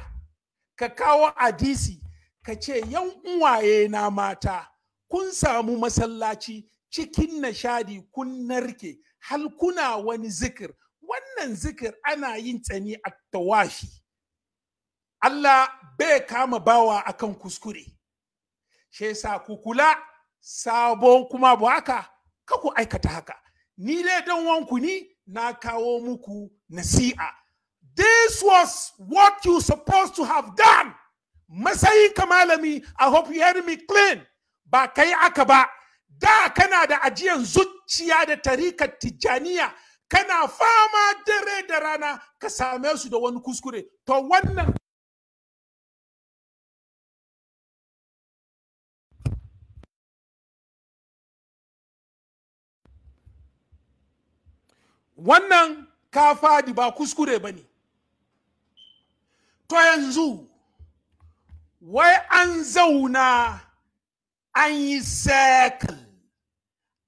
ka kawo hadisi ka ce yan uwaye na mata kun samu masallaci cikin nashadi kun narke Halkuna wani zikir wannan zikir ana yin tsani a tawashi Allah bai kama bawa akan kuskure shi yasa ku kula sabon kuma bu haka ka ku aikata haka ni dai dan wanku ni na kawo muku nasi'a this was what you supposed to have done masayi kamalami i hope you hear me clean ba kai aka ba da kana da ajiyan zuciya da tarikar tijjaniya kana fama dare da rana ka same su da wani kuskure to wannan wannan ka fadi ba kuskure ba ne to yanzu wai an zauna an yi sekul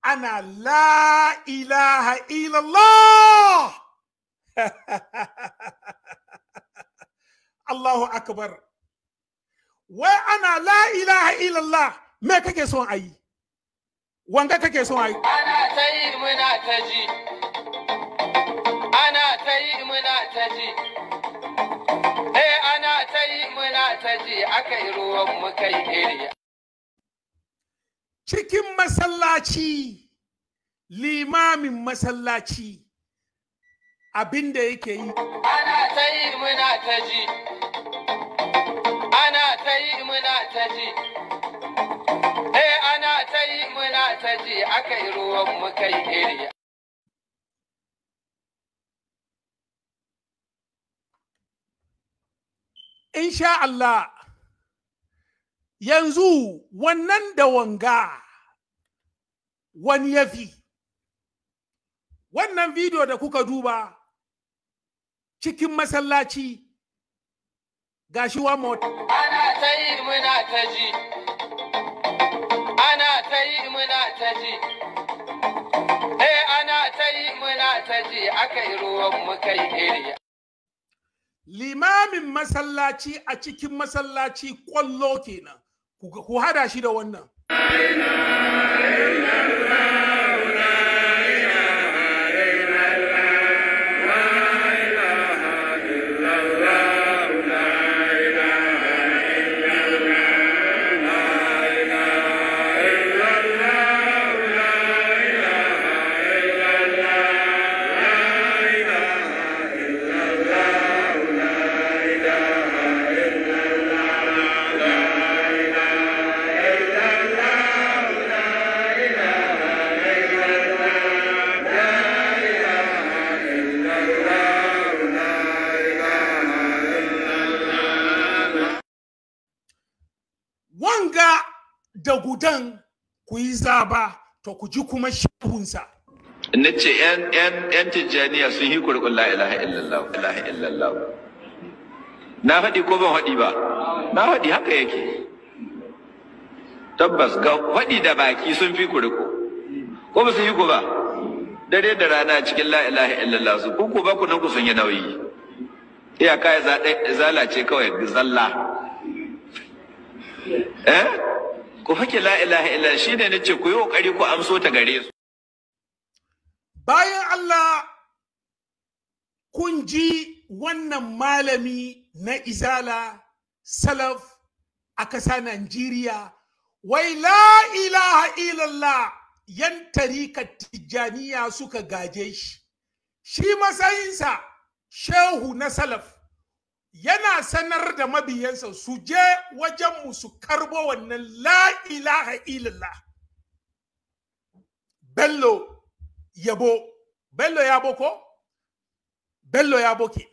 ana la ilaha illallah Allahu akbar wai ana la ilaha illallah me kake son ayi wanga kake son ayi ana tayi yi muna ta ji ta yi muna ta ji eh ana ta yi muna ta ji aka yi ruwan muka yi iri cikin masallaci limamin masallaci abin da yake yi ana ta yi muna ta ji ana ta yi muna ta ji eh ana ta yi muna ta ji aka yi ruwan muka yi iri In sha Allah yanzu wannan da wanga wani ya fi wannan bidiyo da kuka duba cikin masallaci ga shi wa mota ana ta yi muna ta ji ana ta yi muna ta ji eh ana ta yi muna ta ji aka yi ruwan muka yi iri limamin masallaci a cikin masallaci kwallo kenan ku hada shi da wannan ku yi to ku ji kuma shehunsa na ce yan tijjaniya sun yi kurkun la ilaha illallah ilaha illallah na faɗi ko ban faɗi ba na faɗi haka yake tabbas ga faɗi da baki sun fi kurku ko ba su yi ku ba dare da rana cikin la ilaha illallah su ku ku ba ku nan ku sun yi nauyi iyaka ya zalace kawai zalla eh ku fake la ilaha illa shi ne nace ku yi kokari ku amso ta gare su bayan Allah kun ji wannan malami na izala salaf a ƙasa Najeriya wai la ilaha illallah yan tarikar tijjaniya suka gaje shi shi matsayinsa shehu na salaf yana sanar da mabiyansa su je wajenmu su karbo wannan la ilaha illallah bello yabo bello yabo ko bello yabo ke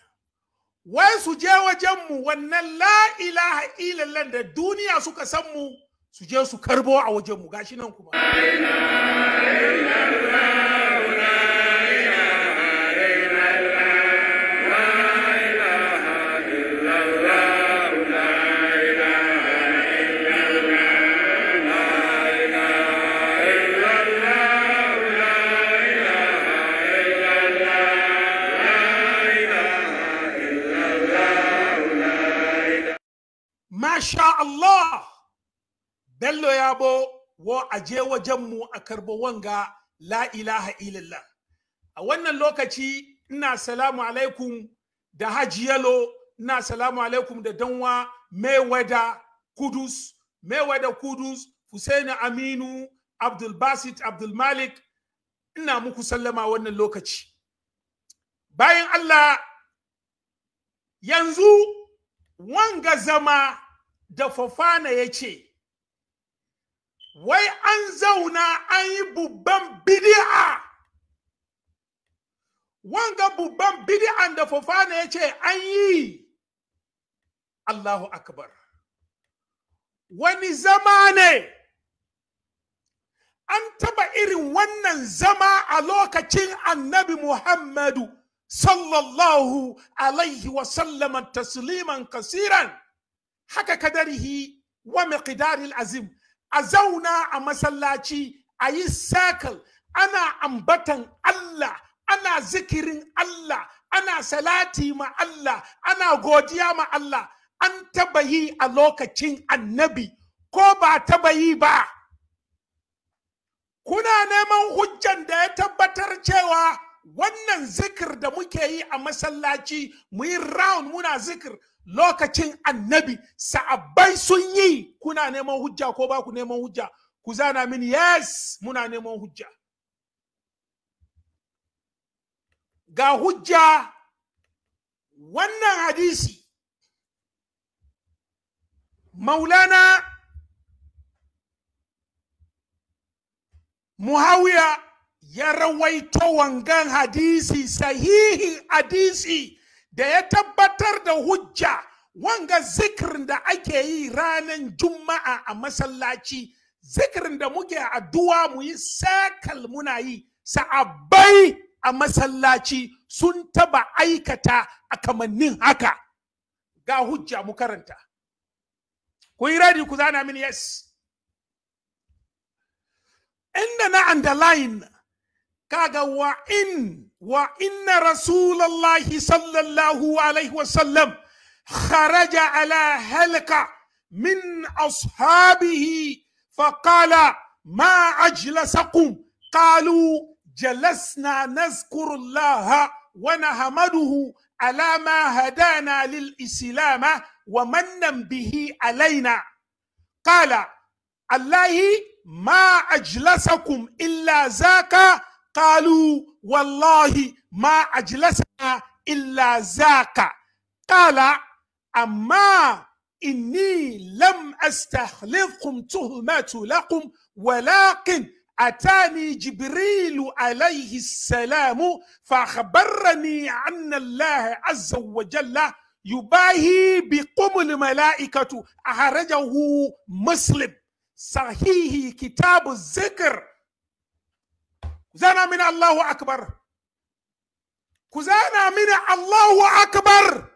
wai su je wajenmu wannan la ilaha illallah da duniya suka san mu su je su karbo a wajenmu gashi nan kuma Allah Bello ya bo wa aje wajenmu a karbo wanga la ilaha illallah. A wannan lokaci ina salamu alaikum da Haji Yalo, ina salamu alaikum da Danwa Maiwada Kudus, Maiwada Kudus, husaini Aminu, Abdul Basit, Abdul Malik, ina muku sallama wannan lokaci. Bayan Allah yanzu wanga zama da fafana ya ce wai an zauna an yi bubban bidi'a wanga bubban bidi'an da fafana ya ce an yi allahu akbar wani zama ne an taba irin wannan zama a lokacin annabi muhammadu sallallahu alaihi wasallam tasliman kasiran haka kadarihi wa miqdaril azim a zauna a masallaci a yi circle ana ambatan Allah ana zikirin Allah ana salati ma Allah ana godiya ma Allah an taba yi a lokacin annabi ko ba taba yi ba kuna neman hujjan da ya tabbatar cewa wannan zikir da muke yi a masallaci mu yi round muna zikir lokacin annabi sa'abbai sun yi kuna neman hujja ko ba ku neman hujja ku zana mini yes muna neman hujja ga hujja wannan hadisi maulana muhawiya ya rawaito wangan hadisi sahihin hadisi da ya tabbatar da hujja wanga zikirin da ake yi ranar juma'a a masallaci zikirin da muke addu'a mu yi sakal muna yi sa'abbai a masallaci sun taba aikata a kamannin haka ga hujja mu karanta ku yi radi ku zana mini yes inda na underline كاغا وإن وإن رسول الله صلى الله عليه وسلم خرج على هلكة من أصحابه فقال ما أجلسكم قالوا جلسنا نذكر الله ونحمده على ما هدانا للإسلام ومن به علينا قال الله ما أجلسكم إلا ذاك قالوا والله ما أجلسنا إلا ذاك قال أما إني لم أستخلفكم تهمة لكم ولكن أتاني جبريل عليه السلام فأخبرني أن الله عز وجل يباهي بكم الملائكة أخرجه مسلم صحيح كتاب الذكر zana min Allahu akbar ku zana mini Allahu akbar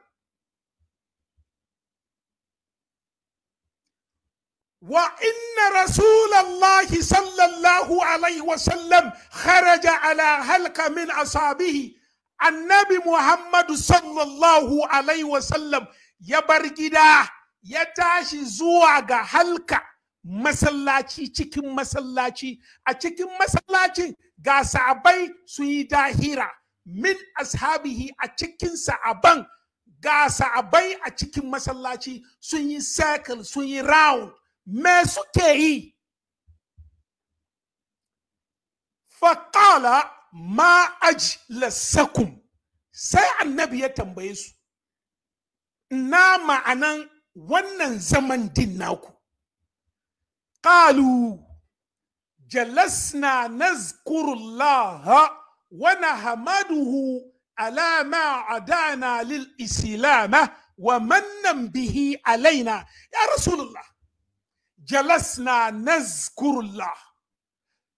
wa inna rasulallahi sallallahu alaihi wasallam kharaja ala halka min asabihi annabi muhammadu sallallahu alaihi wasallam ya bar gida ya tashi zuwa ga halka masallaci cikin masallaci a cikin masallaci. ga sahabai sun yi dahira min ashabihi a cikin sa'aban ga sahabai a cikin masallaci sun yi circle sun yi round me suke yi faƙala ma aji ajlasakum sai annabi ya tambaye su na ma'anan wannan zaman din naku ƙalu جلسنا نذكر الله ونحمده على ما عدانا للإسلام ومن به علينا يا رسول الله جلسنا نذكر الله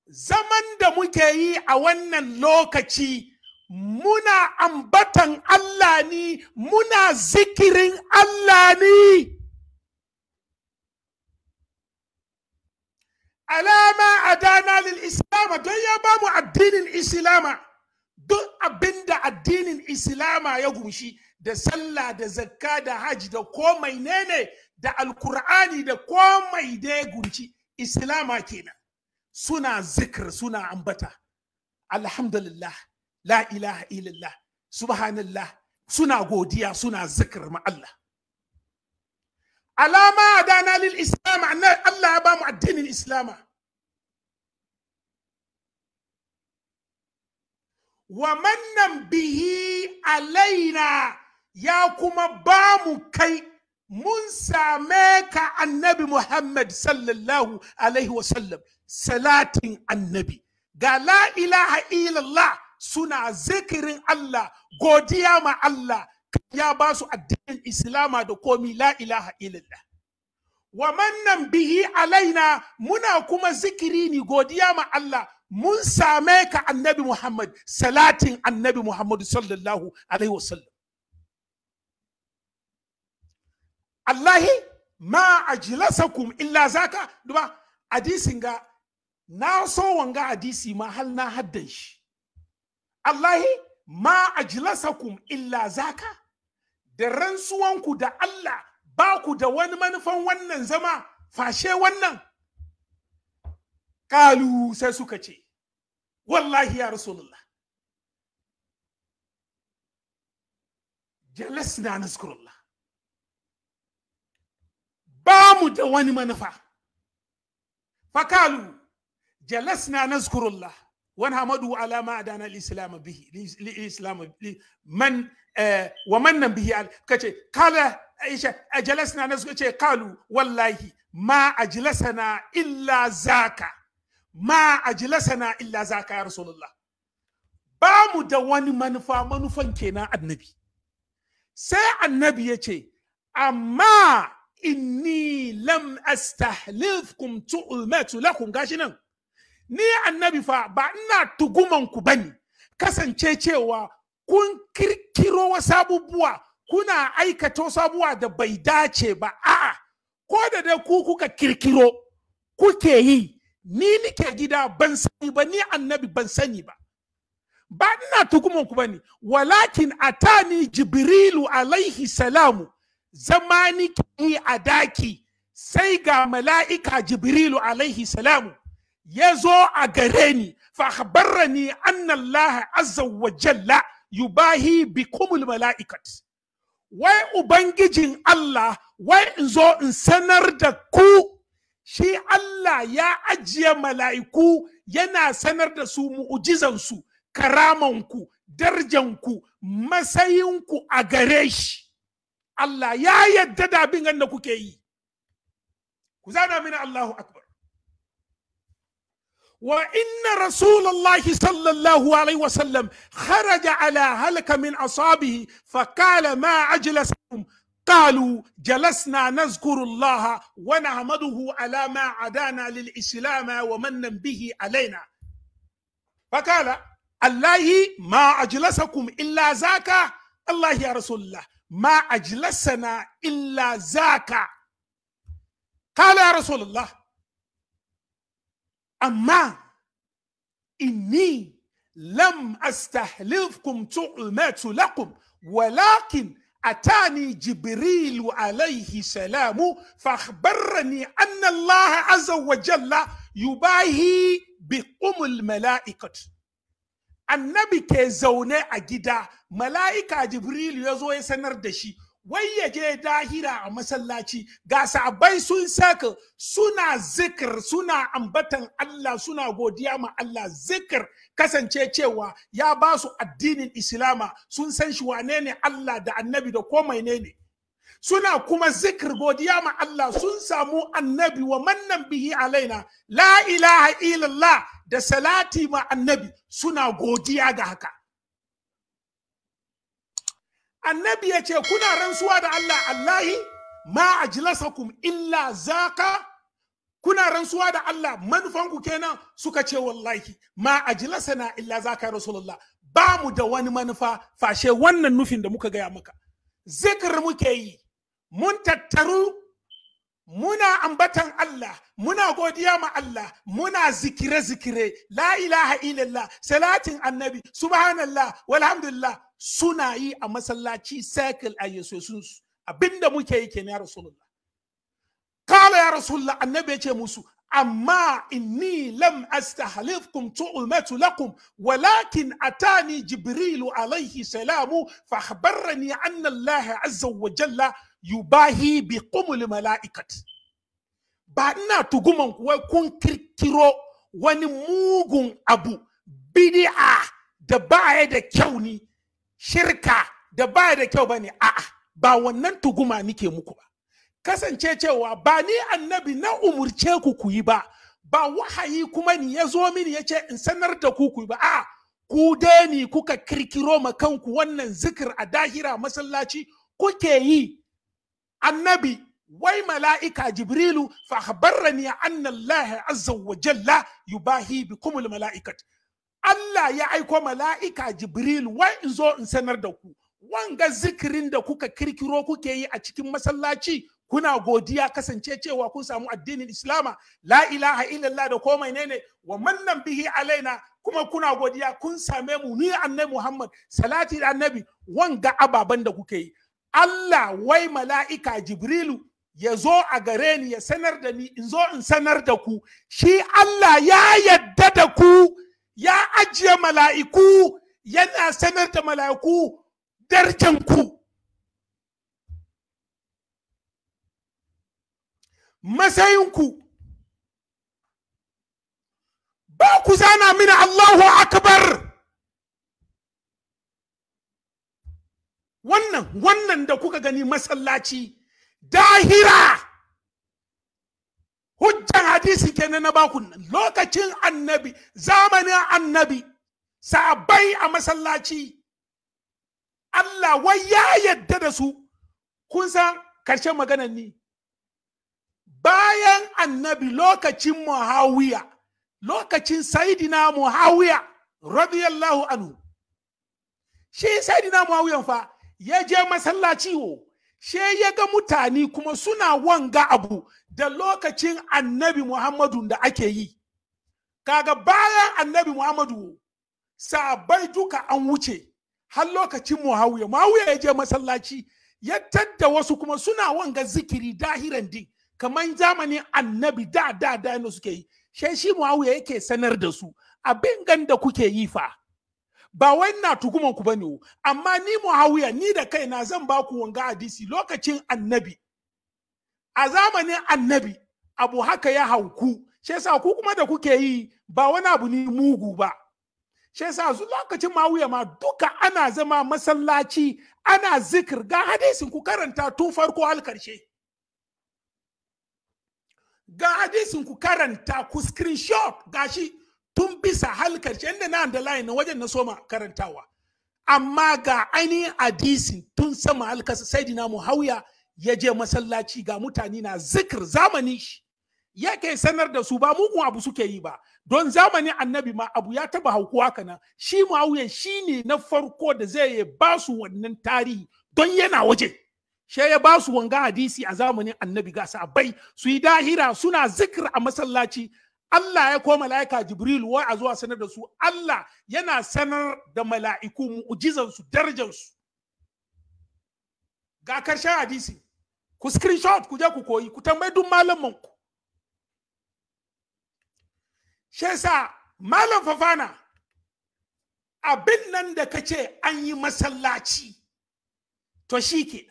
زمن da muke yi a wannan lokaci muna ambatan Allah ne muna zikirin Allah ne alama adana lil islama don ya ba mu addinin islama duk abinda addinin islama ya gumshi da sallah da zakka da hajji da komai ne da alkur'ani da komai da ya gumshi islama kenan suna zikir suna ambata alhamdulillah la ilaha illallah subhanallah suna godiya suna zikir ma Allah alama adana lil islam annan Allah ya ba mu addinin islama wa mannan bihi alaina ya kuma ba mu kai mun same ka annabi Muhammad sallallahu alaihi sallam salatin annabi ga la ilaha illallah suna zikirin Allah godiya ma Allah ya ba su addinin islama da komi la ilaha illallah wa mannan bihi alaina muna kuma zikiri ni godiya ma Allah mun same ka annabi Muhammad salatin annabi Muhammad sallallahu alaihi wasallam Allahi ma ajlasakum illa zaka duba hadisin ga na so wanga hadisi ma hal na haddan shi Allahi ma ajlasakum illa zaka da rantsuwanku da Allah ba ku da wani manufan wannan zama fashe wannan kalu sai suka ce wallahi ya rasulullah na naskurullah ba mu da wani manufa fakalu na naskurullah wani hamadu alama adana al-islam bihi al man Eh, wa nan bihi ka ce kala aisha ajalasna na suka ce kalu wallahi ma ajlasana illa zaka ma ajlasana illa zaka ya rasulullah ba mu da wani manufa manufan kenan annabi sai annabi ya ce amma inni lam astahlifkum tu'matu lakum gashi nan ni annabi fa ba ina tuguman ku bane kasance cewa kun kirkiro wasu abubuwa kuna aikata wasu abubuwa da bai dace ba a'a ko da dai ku kuka kirkiro kuke yi ni nike gida ban sani ba ni annabi ban sani ba ba ina tukumin ku bane walakin atani jibrilu alaihi salamu zama nike yi a daki sai ga mala'ika jibrilu alaihi salamu ya zo a gare ni fa habarra ni annallaha azza wa jalla yubahi kumul mala'ikat wai ubangijin Allah wai in zo in sanar da ku shi Allah ya ajiye mala'iku yana sanar da su mu'ujizansu karamanku darjanku matsayinku a gare shi Allah ya yadda da abin da kuke yi ku zana mini Allahu akbar وإن رسول الله صلى الله عليه وسلم خرج على هلك من أصابه فقال ما أجلسكم قالوا جلسنا نذكر الله ونحمده على ما عدانا للإسلام ومن به علينا فقال الله ما أجلسكم إلا ذاك الله يا رسول الله ما أجلسنا إلا ذاك قال يا رسول الله أما إني لم أستحلفكم تعمة لكم ولكن أتاني جبريل عليه السلام فأخبرني أن الله عز وجل يباهي بقم الملائكة النبي كزونة أجدا ملائكة جبريل يزوي jibril ya wai ya je dahira a masallaci ga sabai sun saka suna zikir suna ambatan Allah suna godiya ma Allah zikir kasance cewa ya ba su addinin islama sun san shi wane ne Allah da annabi da komai ne ne suna kuma zikir godiya ma Allah sun samu annabi wa mannan bihi alaina la ilaha illallah da salati ma annabi suna godiya ga haka annabi ya ce kuna rantsuwa da Allah Allahi ma ajlasakum illa zaka kuna rantsuwa da Allah manufanku kenan suka ce wallahi ma ajlasana illa zaka rasulullah ba mu da wani manufa fashe wannan nufin da muka gaya maka zikir muke yi mun tattaru muna ambatan Allah muna godiya ma Allah muna zikire zikire la ilaha illallah salatin annabi subhanallah walhamdulillah suna yi a masallaci circle a yesosun su abinda muke yi kenan ya rasulullah kala ya rasulullah annabi yace musu amma inni lam astahlifkum tu'matu lakum walakin atani jibrilu alayhi salamu fa akhbarani anna allah azza wa jalla yubahi bi qumul malaikat ba ina tuguman wai kun kirkiro wani mugun abu bid'a da baya da kyau shirka da ba da kyau bane a'a ba wannan tuguma nike muku ba kasance cewa ba ni annabi na umurce ku ku yi ba ba wahayi kuma ni ya zo mini ya ce in sanar da ku ku yi ba a'a ku dai ni kuka kirkiro ma kanku wannan zikir a dahira masallaci kuke yi annabi wai mala'ika jibrilu fa habarrani anna azza wa jalla yubahi bikumul mala'ikat Allah ya aiko mala'ika Jibril wai in zo in sanar da ku wanga zikirin da kuka kirkiro kuke yi a cikin masallaci kuna godiya kasance cewa kun samu addinin Islama la ilaha illallah da komai ne wa mannan bihi alaina kuma kuna godiya kun same mu ni annabi Muhammad salati da annabi wanga ababan da kuke yi Allah wai mala'ika Jibrilu ya zo a gare ni ya sanar da ni in zo in sanar da ku shi Allah ya yadda da ku ya ajiye mala'iku yana sanar da mala'iku darjanku Masayinku, ba ku zana mini Allahu akbar wannan wannan da kuka gani masallaci dahira hadisi kenan na baku lokacin annabi zamanin annabi sabai a masallaci Allah wai ya yadda da su kun san karshen maganan ni bayan annabi lokacin muhawiya lokacin sayidina muhawiya radiyallahu anhu shi sayidina muhawiyan fa ya je masallaci wo she ya ga mutane kuma suna wanga abu da lokacin annabi Muhammadu da ake yi. Kaga bayan annabi Muhammadu sabai duka an wuce har lokacin muhawiya. Muhawiya ya je masallaci ya tadda wasu kuma suna wanga zikiri dahiran din kamar zamanin annabi da da da suke yi. She shi muhawiya yake sanar da su abin ganda kuke yi fa ba wai na tuguman ku bane amma ni muhawiya ni da kai na zan ba ku wanga hadisi lokacin annabi a zamanin annabi abu haka ya hauku shi yasa ku kuma da kuke yi ba wani abu ne mugu ba shi yasa su lokacin mawuya ma duka ana zama masallaci ana zikir ga hadisin ku karanta tun farko al karshe ga hadisin ku karanta ku screenshot gashi tun bisa halkar yadda inda na underline na wajen na soma karantawa amma ga ainihin hadisi tun sama halkarsa sai dina muhauya ya je masallaci ga mutane na zikir zamani shi yake sanar da su ba mugun abu suke yi ba don zamanin annabi ma abu ya taba haukuwa kana shi muhauya shi ne na farko da zai ba su wannan tarihi don yana waje shi ya ba su wanga hadisi a zamanin annabi ga sabai su yi dahira suna zikir a masallaci Allah ya koma mala'ika Jibril wai a zuwa sanar da su Allah yana sanar da mala'iku mu'ujizansu darajansu ga karshen hadisi ku screenshot ku je ku koyi ku tambayi duk malamanku. ku malam fafana abin nan da kace an yi masallaci to shi ke.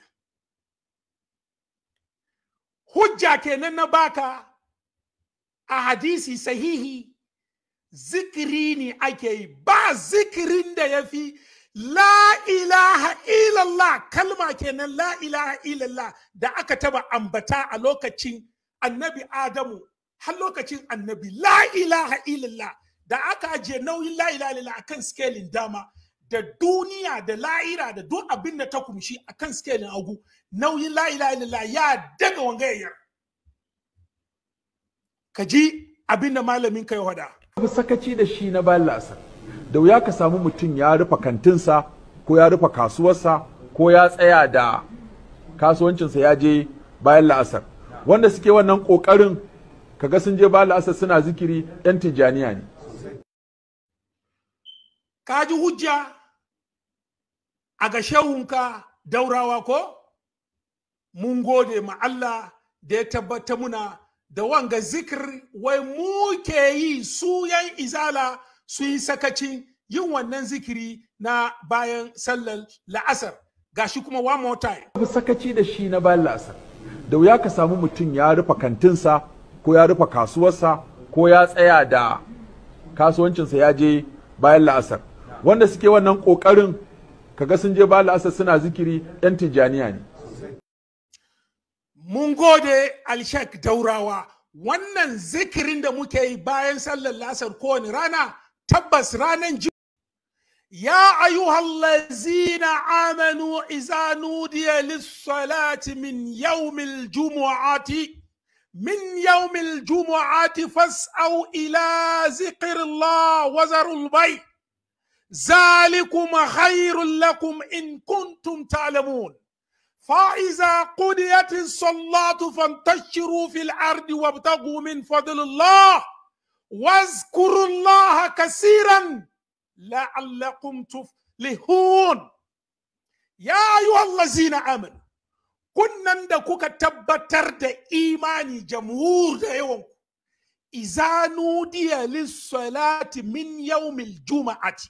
hujja kenan na baka a hadisi sahihi zikiri ne ake yi ba zikirin da ya fi la ilaha illallah kalma kenan la ilaha illallah da aka taba ambata a lokacin annabi adamu har lokacin annabi la ilaha illallah da aka ajiye nauyin la ilaha illallah akan skelin dama da duniya da la'ira da duk abin da ta kumshi akan skelin hagu nauyin la ilaha illallah ya daga wangayayyar ka ji abin da malamin ka ya wada sakaci da shi na bayan la'asar da wuya ka samu mutum ya rufe kantinsa ko ya rufe kasuwarsa ko ya tsaya da kasuwancinsa ya je bayan la'asar wanda suke wannan kokarin kaga sun je bayan la'asar suna zikiri yan tijjaniya ne ka ji hujja a ga shehunka daurawa ko mun gode ma Allah da ya tabbata muna da wanga zikir wai mu ke yi su yan izala su yi sakacin yin wannan zikiri na bayan sallar la'asar gashi kuma one more time. Abu sakaci da shi na bayan la'asar da wuya ka samu mutum ya rufe kantinsa ko ya rufe kasuwarsa ko ya tsaya da kasuwancinsa ya je bayan la'asar wanda suke wannan kokarin ga sun je bayan la'asar suna zikiri yan tijjaniya ne mun gode alshak daurawa wannan zikirin da muke yi bayan sallar lasar kowane rana tabbas ranar ji ya ayyuhallazina amanu iza nudiya lissalati min yawmil jumu'ati min yawmil jumu'ati fas'au ila zikrillah wa zarul zalikum khairul lakum in kuntum ta'lamun فإذا قضيت الصلاة فانتشروا في الأرض وابتغوا من فضل الله واذكروا الله كثيرا لعلكم تفلحون يا أيها الذين آمنوا kunnan da kuka tabbatar da imani jamhur da yawan iza nudiya lissalati min yawmil juma'ati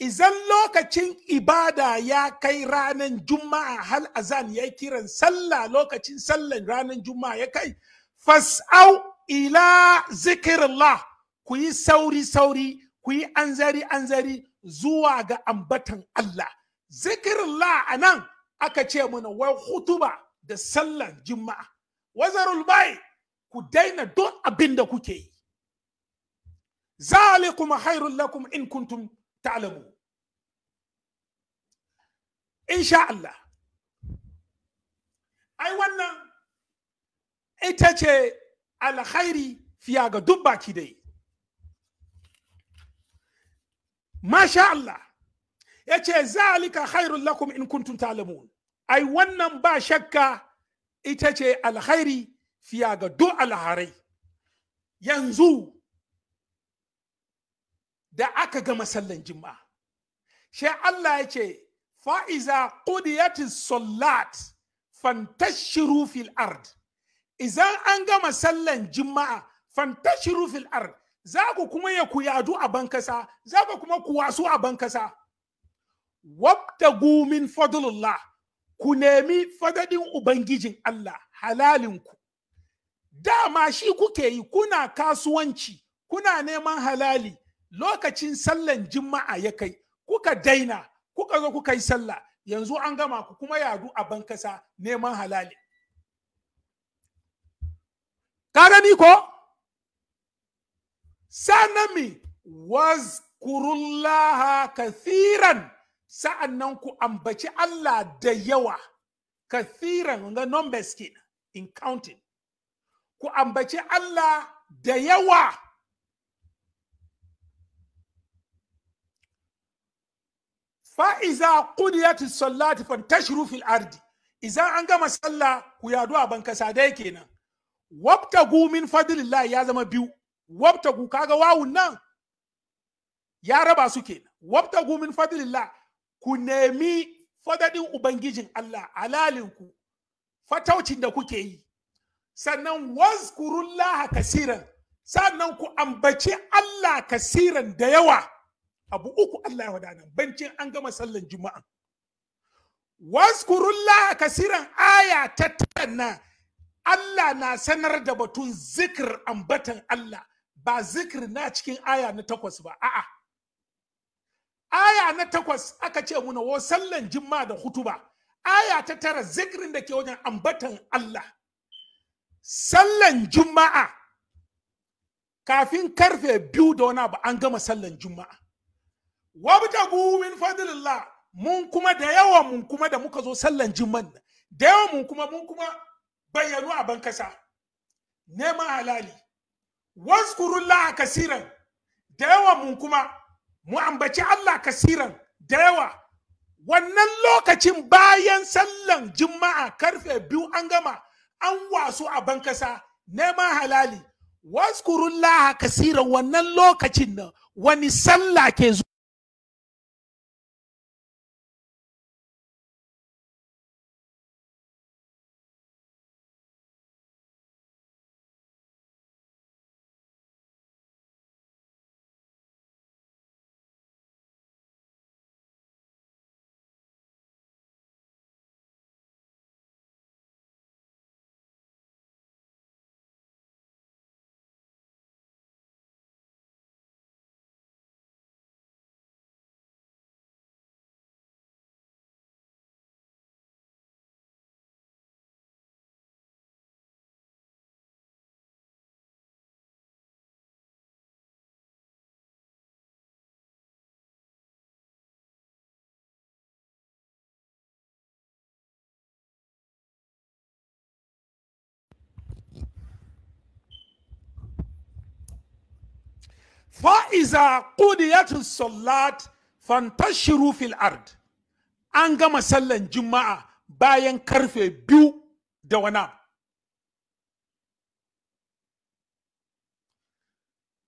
Izan lokacin ibada ya kai ranar Juma'a hal azan ya yi kiran sallah lokacin sallan ranar Juma'a ya kai, fas'au ila zikirullah ku yi sauri-sauri, ku yi anzari-anzari zuwa ga ambatan Allah. zikirullah a nan aka ce mana wai hutuba da sallan Juma'a. Wazarul bai ku daina duk abin da kuke yi. Zalikum khairul lakum in kuntum ta'lamu insha Allah ai wannan ita ce alkhairi fiya ga duk baki dai masha Allah ya ce zalika khairun lakum in kuntum ta'lamun ai wannan ba shakka ita ce alkhairi fiya ga duk alharai yanzu da aka ga sallan jima'a sai Allah ya ce fa'iza qudiyatis salat fantashiru fil ard izan an gama sallan juma'a fantashiru fil ard za ku kuma ya kuyadu a bankasa za ku kuma kuwasu a bankasa wabtagu min fadlullah ku nemi fadadin ubangijin Allah halalinku dama shi kuke yi kuna kasuwanci kuna neman halali lokacin sallan juma'a ya kai kuka daina kuka zo kuka yi sallah yanzu an gama ku kuma yadu a bankasa neman halali ka gani ko sanami wazkurullaha kathiran sa'an nan ku ambaci Allah da yawa kathiran ga numbers in counting ku ambaci Allah da yawa fa iza qudiyat as-salati fantashiru fil ardi idan an gama sallah ku yadu a bankasa dai kenan wabtagu min fadlillah ya zama biyu wabtagu kaga wawun nan ya raba su kenan wabtagu min fadlillah ku nemi fadadin ubangijin Allah alalinku fataucin da kuke yi sannan wazkurullaha kasiran sannan ku ambaci Allah kasiran da yawa abu uku Allah ya wadana bancin an gama sallan juma'a waskurullah kasiran aya ta tana Allah na sanar da batun zikir ambatan Allah ba zikir na cikin aya na takwas ba a'a aya na takwas aka ce muna wa sallan juma'a da hutuba aya ta tara zikirin da ke wajen ambatan Allah sallan juma'a kafin karfe biyu da wani ba an gama sallan juma'a wabtagu min fadlillah mun kuma da yawa mun kuma da muka zo sallan jimman da yawa mun kuma mun kuma bayyanu a bankasa neman halali waskurullah kasiran da yawa mun kuma mu ambaci Allah kasiran da yawa wannan lokacin bayan sallan juma'a karfe biyu an gama an wasu a bankasa neman halali waskurullah kasiran wannan lokacin wani sallah ke zuwa fa'iza ƙudiyatun salat fantashiru fil ard an gama sallan juma'a bayan karfe biyu da wana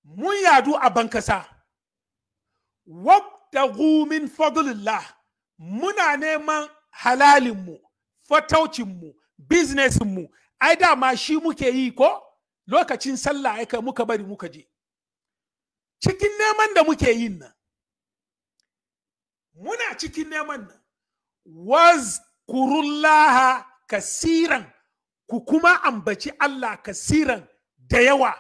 mun yadu a bankasa wabtagu min fadlillah muna neman halalinmu fataucinmu biznesinmu ai dama shi muke yi ko lokacin sallah ya muka bari muka je cikin neman da muke yin nan muna cikin neman nan was kurullaha kasiran ku kuma ambaci Allah kasiran da yawa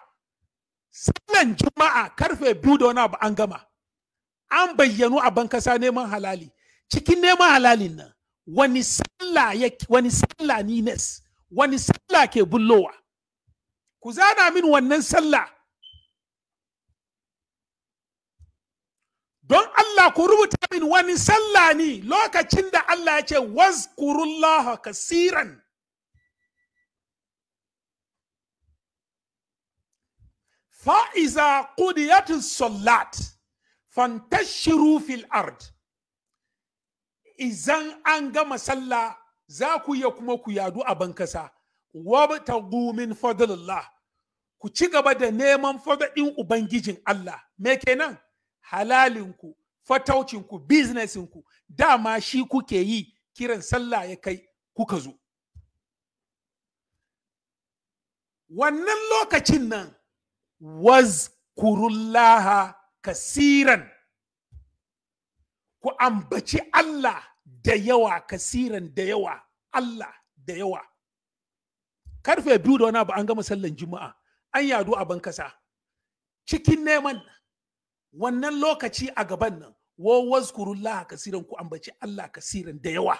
sallan juma'a karfe biyu da wani abu an gama an bayyanu a bankasa neman halali cikin neman halalin nan wani sallah ya wani sallah ni wani sallah ke bullowa ku zana min wannan sallah don Allah ku rubuta min wani sallah ni lokacin da Allah ya ce wazkurullah kasiran fa'iza qudiyatu salat fantashiru fil ard izan an gama sallah za ku iya kuma ku yadu a bankasa wabtagu min fadlillah ku ci gaba da neman fadadin ubangijin Allah me kenan halalinku fataucinku businessinku dama shi kuke yi kiran sallah ya kai kuka zo wannan lokacin nan wazkurullaha kasiran ku ambaci Allah da yawa kasiran da yawa Allah da yawa karfe biyu da wani abu an gama sallan juma'a an yadu a bankasa cikin neman wannan lokaci a gaban nan wa laha kasiran ku ambaci Allah kasiran da yawa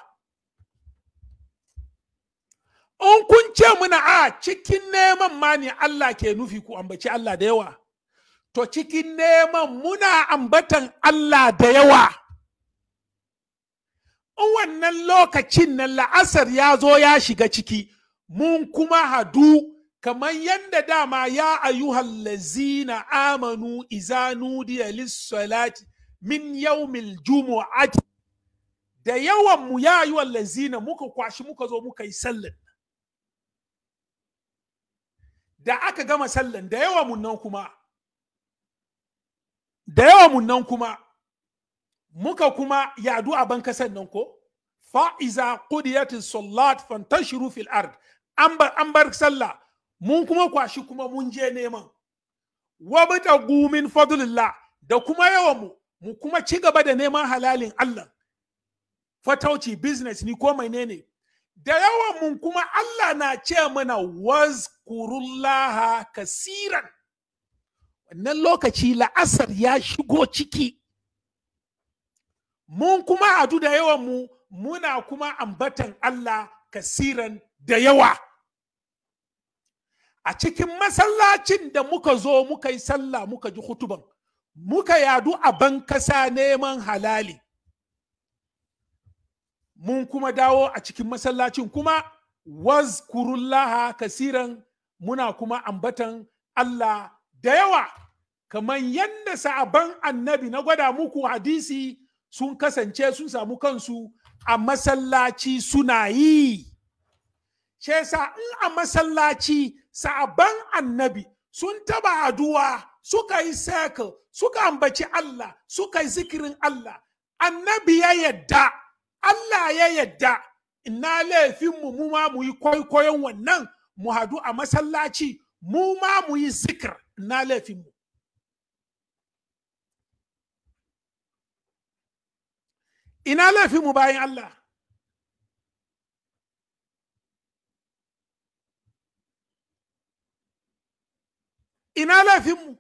in kun ce muna a cikin neman ma ne Allah ke nufi ku ambaci Allah da yawa to cikin neman muna ambatan Allah da yawa in wannan lokacin nan la'asar ya zo ya shiga ciki mun kuma hadu kamar yadda dama ya ayyuhal lazina amanu iza nudiya lissalati min Yau, yawmil jumu'ati da yawanmu ya ya ayyuhal lazina muka kwashi muka zo muka yi sallan da aka gama sallan da yawan mun nan kuma da yawan mun nan kuma muka kuma yadu a bankasan nan ko fa'iza qudiyatis salat fantashiru fil ard an bar sallah mun kuma kwashi kuma mun je neman wa bata gumin fadlillah da kuma yawan mu mu kuma ci gaba da neman halalin Allah fatauci business ni ko mai ne da yawan mun kuma Allah na ce mana wazkurullaha kasiran wannan lokaci la'asar ya shigo ciki mun kuma adu da yawan mu muna kuma ambatan Allah kasiran da yawa a cikin masallacin da muka zo muka yi sallah muka ji hutuban muka yadu a bankasa neman halali mun kuma dawo a cikin masallacin kuma wazkurullaha kasiran muna kuma ambatan Allah da yawa kamar yadda sa'aban annabi na gwada muku hadisi sun kasance sun samu kansu a masallaci suna yi. Shesa in a masallaci Sabon annabi sun taba aduwa suka yi circle suka ambaci Allah suka yi zikirin Allah annabi ya yadda Allah ya yadda ina laifinmu mu ma mu yi kwaikwayon wannan mu hadu a masallaci mu ma mu yi zikir ina laifinmu ina laifinmu bayan Allah ina mu?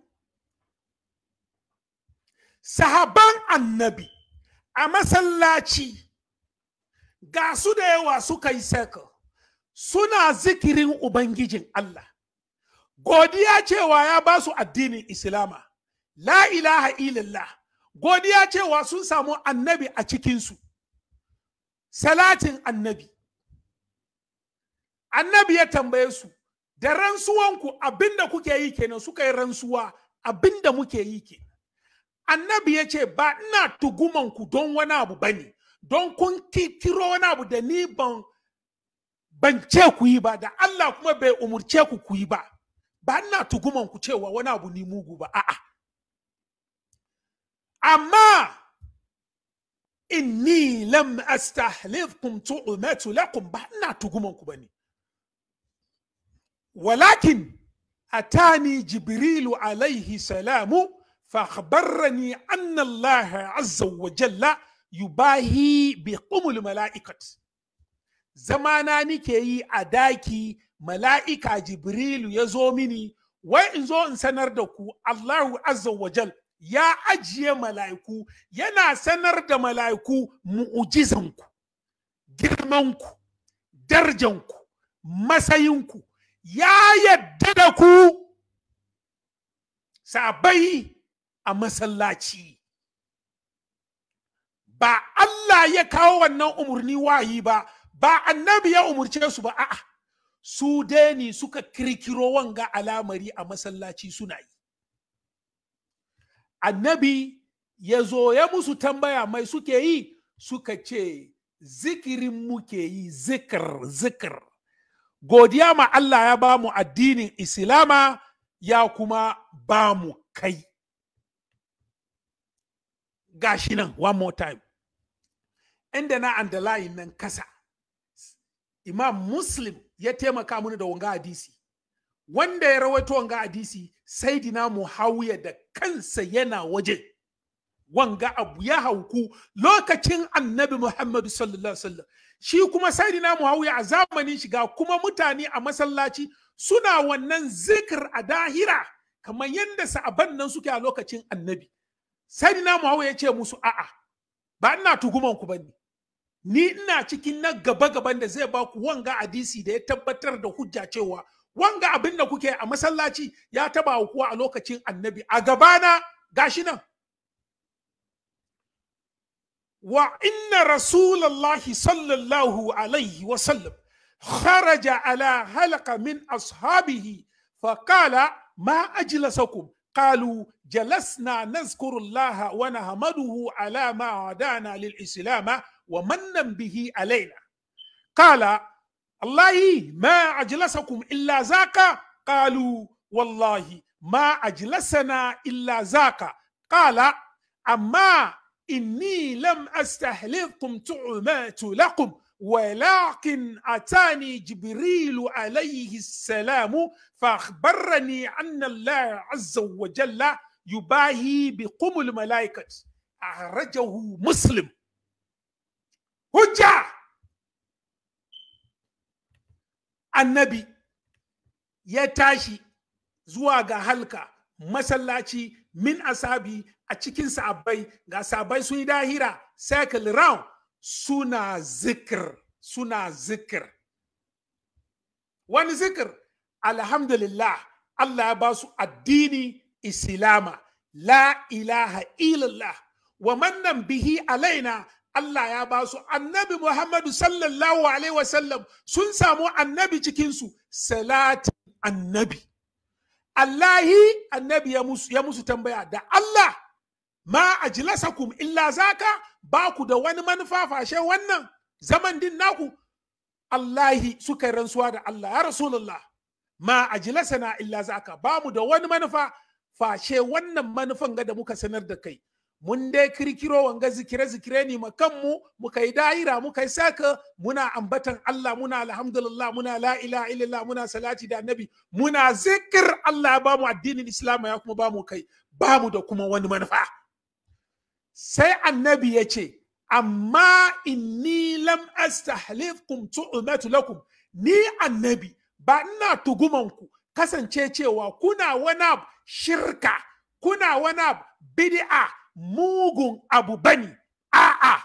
sahaban annabi a masallaci ga su da yawa suka yi circle suna zikirin ubangijin Allah godiya cewa ya ba su addinin islama la ilaha illallah godiya cewa sun samu annabi a cikinsu salatin annabi annabi ya tambaye su da rantsuwanku abinda kuke yi kenan suka yi rantsuwa abinda muke yi kenan annabi ya ce ba ina tugumanku don wani abu bane don kun kiro wani abu da ni ban ban ce ku yi ba da Allah kuma bai umurce ku ku yi ba ba ina tuguman cewa wani abu ni mugu ba a'a amma inni lam astahlifkum tu'matu lakum ba ina tuguman ku bane walakin atani jibrilu alaihi salamu فأخبرني أن الله عز وجل يباهي بقم الملائكة زمانا نكي أداكي ملائكة جبريل يزومني وإنزو إن سنردكو الله عز وجل يا أجي ملائكو ينا سنرد ملائكو مؤجزنكو جرمنكو درجنكو مسينكو ya yadda da ku sabai a masallaci ba Allah ya kawo wannan umarni wayi ba ba annabi ya umarce su ba a'a su deni suka kirkiro wanga alamari a masallaci suna yi annabi ya zo ya musu tambaya mai suke yi suka ce zikirin muke yi zikir zikir godiya ma Allah ya ba mu addinin Islama ya kuma ba mu kai. Gashi nan, one more time. Inda na underline nan kasa, Imam Muslim ya taimaka mini da wanga hadisi. Wanda ya rawaito wanga hadisi, sai dina da kansa yana waje. Wanga abu ya hauku lokacin annabi Muhammadu sallallahu Alaihi wasallam shi kuma sayidina muawiya a zamanin shiga kuma mutane a masallaci suna wannan zikir a dahira kamar yadda sa'aban nan suke a lokacin annabi sayidina muawiya ya ce musu a'a ba ina tuguman ku bane ni ina cikin na gaba gaban da zai ba ku wanga hadisi da ya tabbatar da hujja cewa wanga abin da kuke a masallaci ya taba kuwa a lokacin annabi a gabana gashi nan وإن رسول الله صلى الله عليه وسلم خرج على هلق من أصحابه فقال ما أجلسكم قالوا جلسنا نذكر الله ونحمده على ما هدانا للإسلام ومن به علينا قال الله ما أجلسكم إلا ذاك قالوا والله ما أجلسنا إلا ذاك قال أما إني لم أستهلكم تعمات لكم ولكن أتاني جبريل عليه السلام فأخبرني أن الله عز وجل يباهي بقم الملائكة أخرجه مسلم هجة النبي يتاشي زواغا هلكا مسلاتي من asabi a cikin sahabbai ga sabai sun yi dahira circle round suna zikir suna zikir wani zikir alhamdulillah Allah ya ba su addini islama la ilaha illallah wa mannan bihi alaina Allah ya ba su annabi Muhammadu sallallahu alaihi wasallam sun samu annabi cikinsu salatin annabi Allahi annabi ya musu, ya musu tambaya da Allah ma ajlasakum illa zaka ba ku da wani manufa fashe wannan zaman din naku Allahi suka yi rantsuwa da Allah ya Rasulullah ma na illa zaka ba mu da wani manufa fashe wannan manufan ga da muka sanar da kai mun dai kirkiro wanga zikire zikire ne ma kanmu muka yi daira muka yi saka muna ambatan Allah muna alhamdulillah muna la ilaha illallah muna salati da annabi muna zikir Allah ya bamu addinin Islam ya kuma bamu kai bamu da kuma wani manufa sai annabi ya ce amma inni lam astahlifkum tu'matu lakum ni annabi ba ina tugumanku kasance cewa kuna wani abu shirka kuna wani abu bid'a mugun abu bane a'a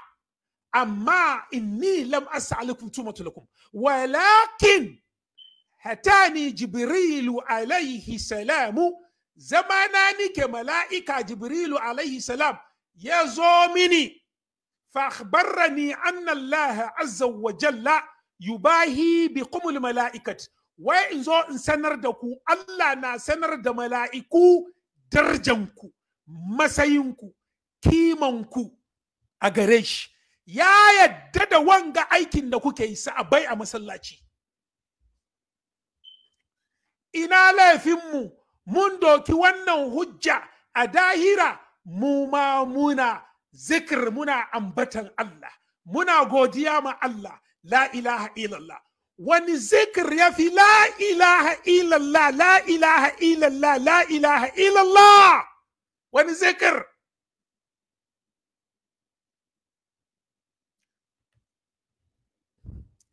amma inni lam astahlifkum tu'matu lakum walakin hatani jibrilu alaihi salamu zamana nike mala'ika jibrilu alaihi salam ya zo mini fa akhbarani anna Allah azza wa jalla yubahi bi qumul mala'ikat wai in zo in sanar da ku Allah na sanar da mala'iku Darjan ku, darjanku kiman ku, a gare shi ya yadda da wanga aikin da kuke yi bai a masallaci ina laifinmu mun doki wannan hujja a dahira mu ma muna zikir muna ambatan Allah muna godiya ma Allah la ilaha illallah wani zikir ya fi la ilaha illallah la ilaha illallah la ilaha illallah wani zikir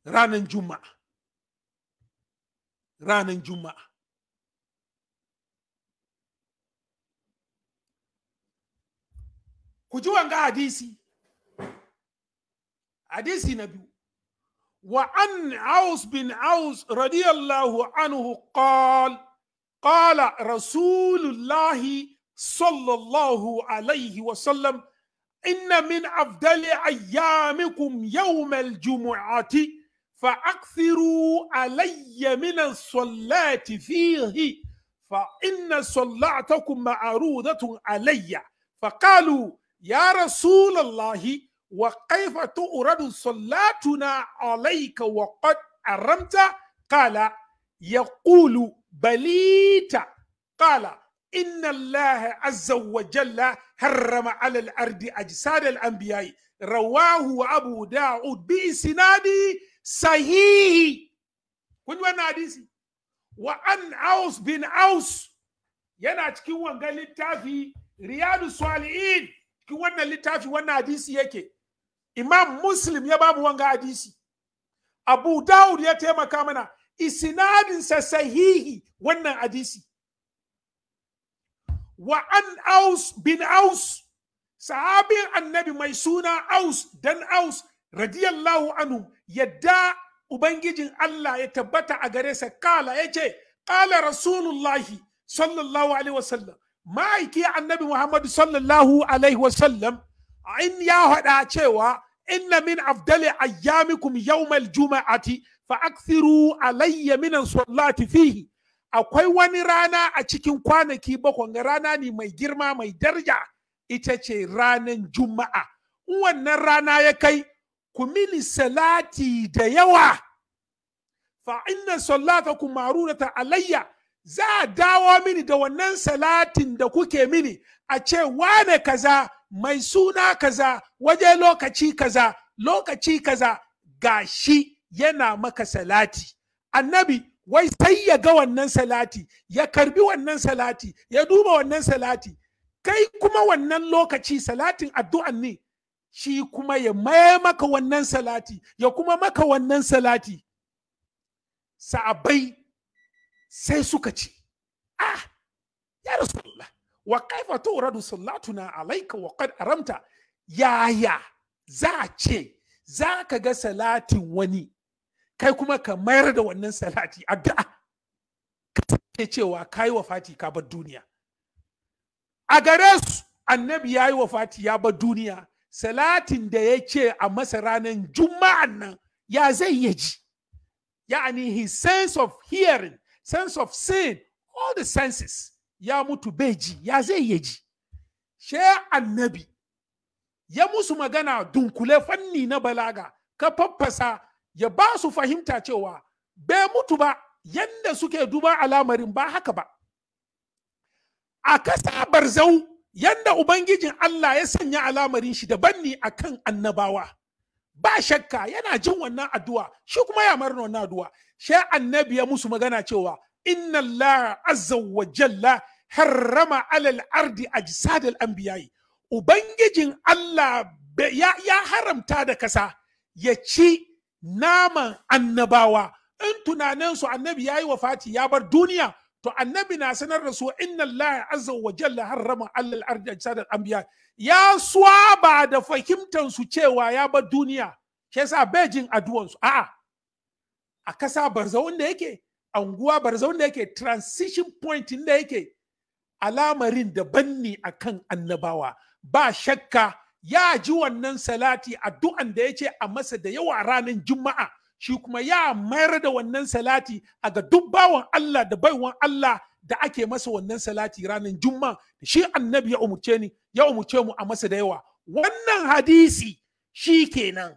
ranan juma'a ranan juma'a ku ji wanga hadisi hadisi na وعن عوس بن عوس رضي الله عنه قال قال رسول الله صلى الله عليه وسلم إن من أفضل أيامكم يوم الجمعة فأكثروا علي من الصلاة فيه فإن صلاتكم معروضة علي فقالوا ya rasulallahi wa kaifa tu'radu sallatuna alayka wa qad aramta qala yaqulu balita qala إن الله عز وجل حرم على الأرض أجساد الأنبياء رواه أبو داود بإسناد صحيح كن وانا حديثي وأن أوس بن أوس ينا تكون قال التافي رياض الصالحين ki wannan littafi wannan hadisi yake imam muslim ya babu wanga hadisi abu daud ya taimaka mana isinadinsa sahihi wannan hadisi wa an aus bin aus sahabin annabi mai suna aus dan aus radiyallahu anhu yadda ubangijin Allah ya tabbata a gare sa kala ya ce kala rasulullahi sallallahu alaihi wasallam ma'aiki annabi Muhammadu sallallahu alaihi wasallam in ya haɗa cewa inna min afdali ayyamikum yawmal juma'ati fa aksiru alayya minan salati fihi akwai wani rana a cikin kwanaki bakwai rana ne mai girma mai darja ita ce ranan juma'a wannan rana ya kai ku mini salati da yawa fa inna ku marurata alayya za a dawo mini da wannan salatin da kuke mini a ce wane kaza mai suna kaza waje lokaci kaza lokaci kaza gashi yana maka salati annabi wai sai ya ga wannan salati ya karbi wannan salati ya duba wannan salati kai kuma wannan lokaci salatin addu'an ne shi kuma ya maye maka wannan salati ya kuma maka wannan salati sa'abai sai suka ci. ah ya rasulullah wa kaifa radu salatuna alaika wa qad aramta yaya za ce za ka ga salatin wani kai kuma ka mayar da wannan salati addu'a ka ce cewa kai Fati ka bar duniya a gare su annabi ya yi Fati ya bar duniya salatin da ya ce a masa ranar juma'an nan ya zai ya ji ya'ani his sense of hearing sense of sin all the senses ya mutu bai ji ya zai ya ji she annabi ya musu magana dunkule fanni na balaga ka faffasa ya ba su fahimta cewa bai mutu ba yadda suke duba alamarin ba haka ba a kasa barzau yadda ubangijin Allah ya sanya alamarin shi daban ne akan annabawa ba shakka yana jin wannan addu'a shi kuma ya marna wannan addu'a sai annabi ya musu magana cewa inna Allah azza wa jalla harrama alal ardi ajsad al anbiya'i ubangijin Allah ya, ya haramta da kasa ya ci naman annabawa in tunaninsu annabi ya yi wafati ya bar duniya to annabi na sanar da su inna Allah azza wa jalla harrama alal ardi ajsadal anbiya ya suwa ba da fahimtan su cewa ya bar duniya shi yasa bai aduwan su a'a a kasa barzawun da yake anguwa barzawun da yake transition point da yake alamarin daban ne akan annabawa ba shakka ya ji wannan salati addu'an da ya ce a masa da yawa ranar juma'a shi kuma ya mayar da wannan salati a ga duk bawan Allah da baiwan Allah da ake masa wannan salati ranar juma shi annabi ya umurce ni ya umurce mu a masa da yawa wannan hadisi shi kenan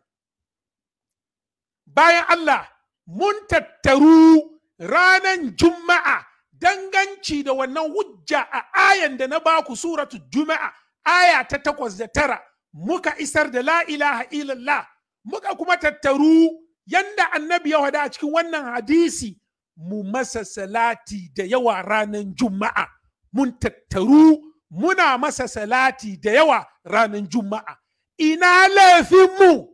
bayan Allah mun tattaru ranar juma'a danganci da wannan hujja a ayan da na baku suratu juma'a aya ta takwas da tara muka isar da la ilaha illallah muka kuma tattaru yanda annabi ya wada a cikin wannan hadisi mu masa salati da yawa ranar juma'a mun tattaru muna masa salati da yawa ranar juma'a ina mu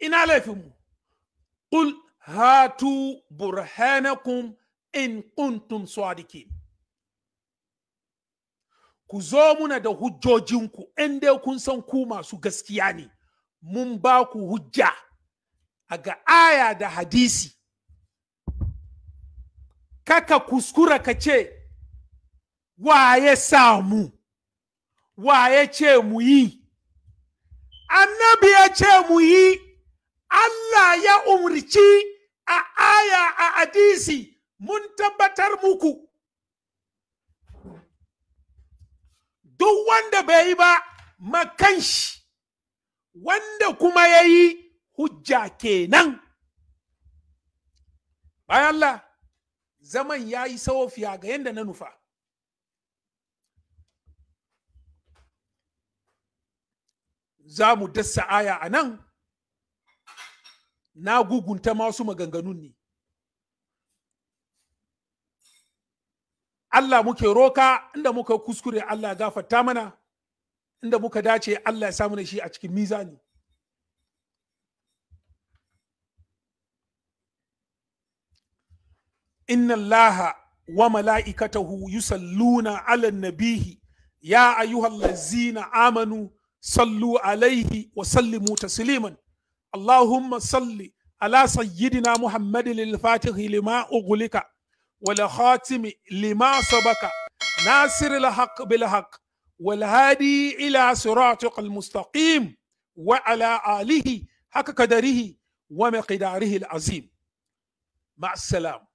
ina mu qul hatu burhanakum in kuntum sadiqin ku zo muna da hujjojinku in dai kun san ku masu gaskiya ne mun ba ku hujja a ga aya da hadisi kaka kuskura ka ce waye samu waye ce mu yi annabi ya ce mu yi Allah ya umurci a aya a hadisi mun tabbatar muku duk wanda bai yi ba shi wanda kuma ya yi hujja kenan bayan Allah zaman ya yi sawofiya ga yadda na nufa za mu dasa aya a nan na gugunta masu maganganun ne Allah muke roka inda muka kuskure Allah gafarta mana inda muka dace Allah ya samu shi a cikin mizani inna Allah wa mala'ikatahu yusalluna ala nabihi ya ayyuhallazina amanu sallu alaihi wa sallimu tasliman اللهم صل على سيدنا محمد الفاتح لما أغلق والخاتم لما سبق ناصر الحق بالحق والهادي إلى صراطك المستقيم وعلى آله حق قدره ومقداره العظيم مع السلامة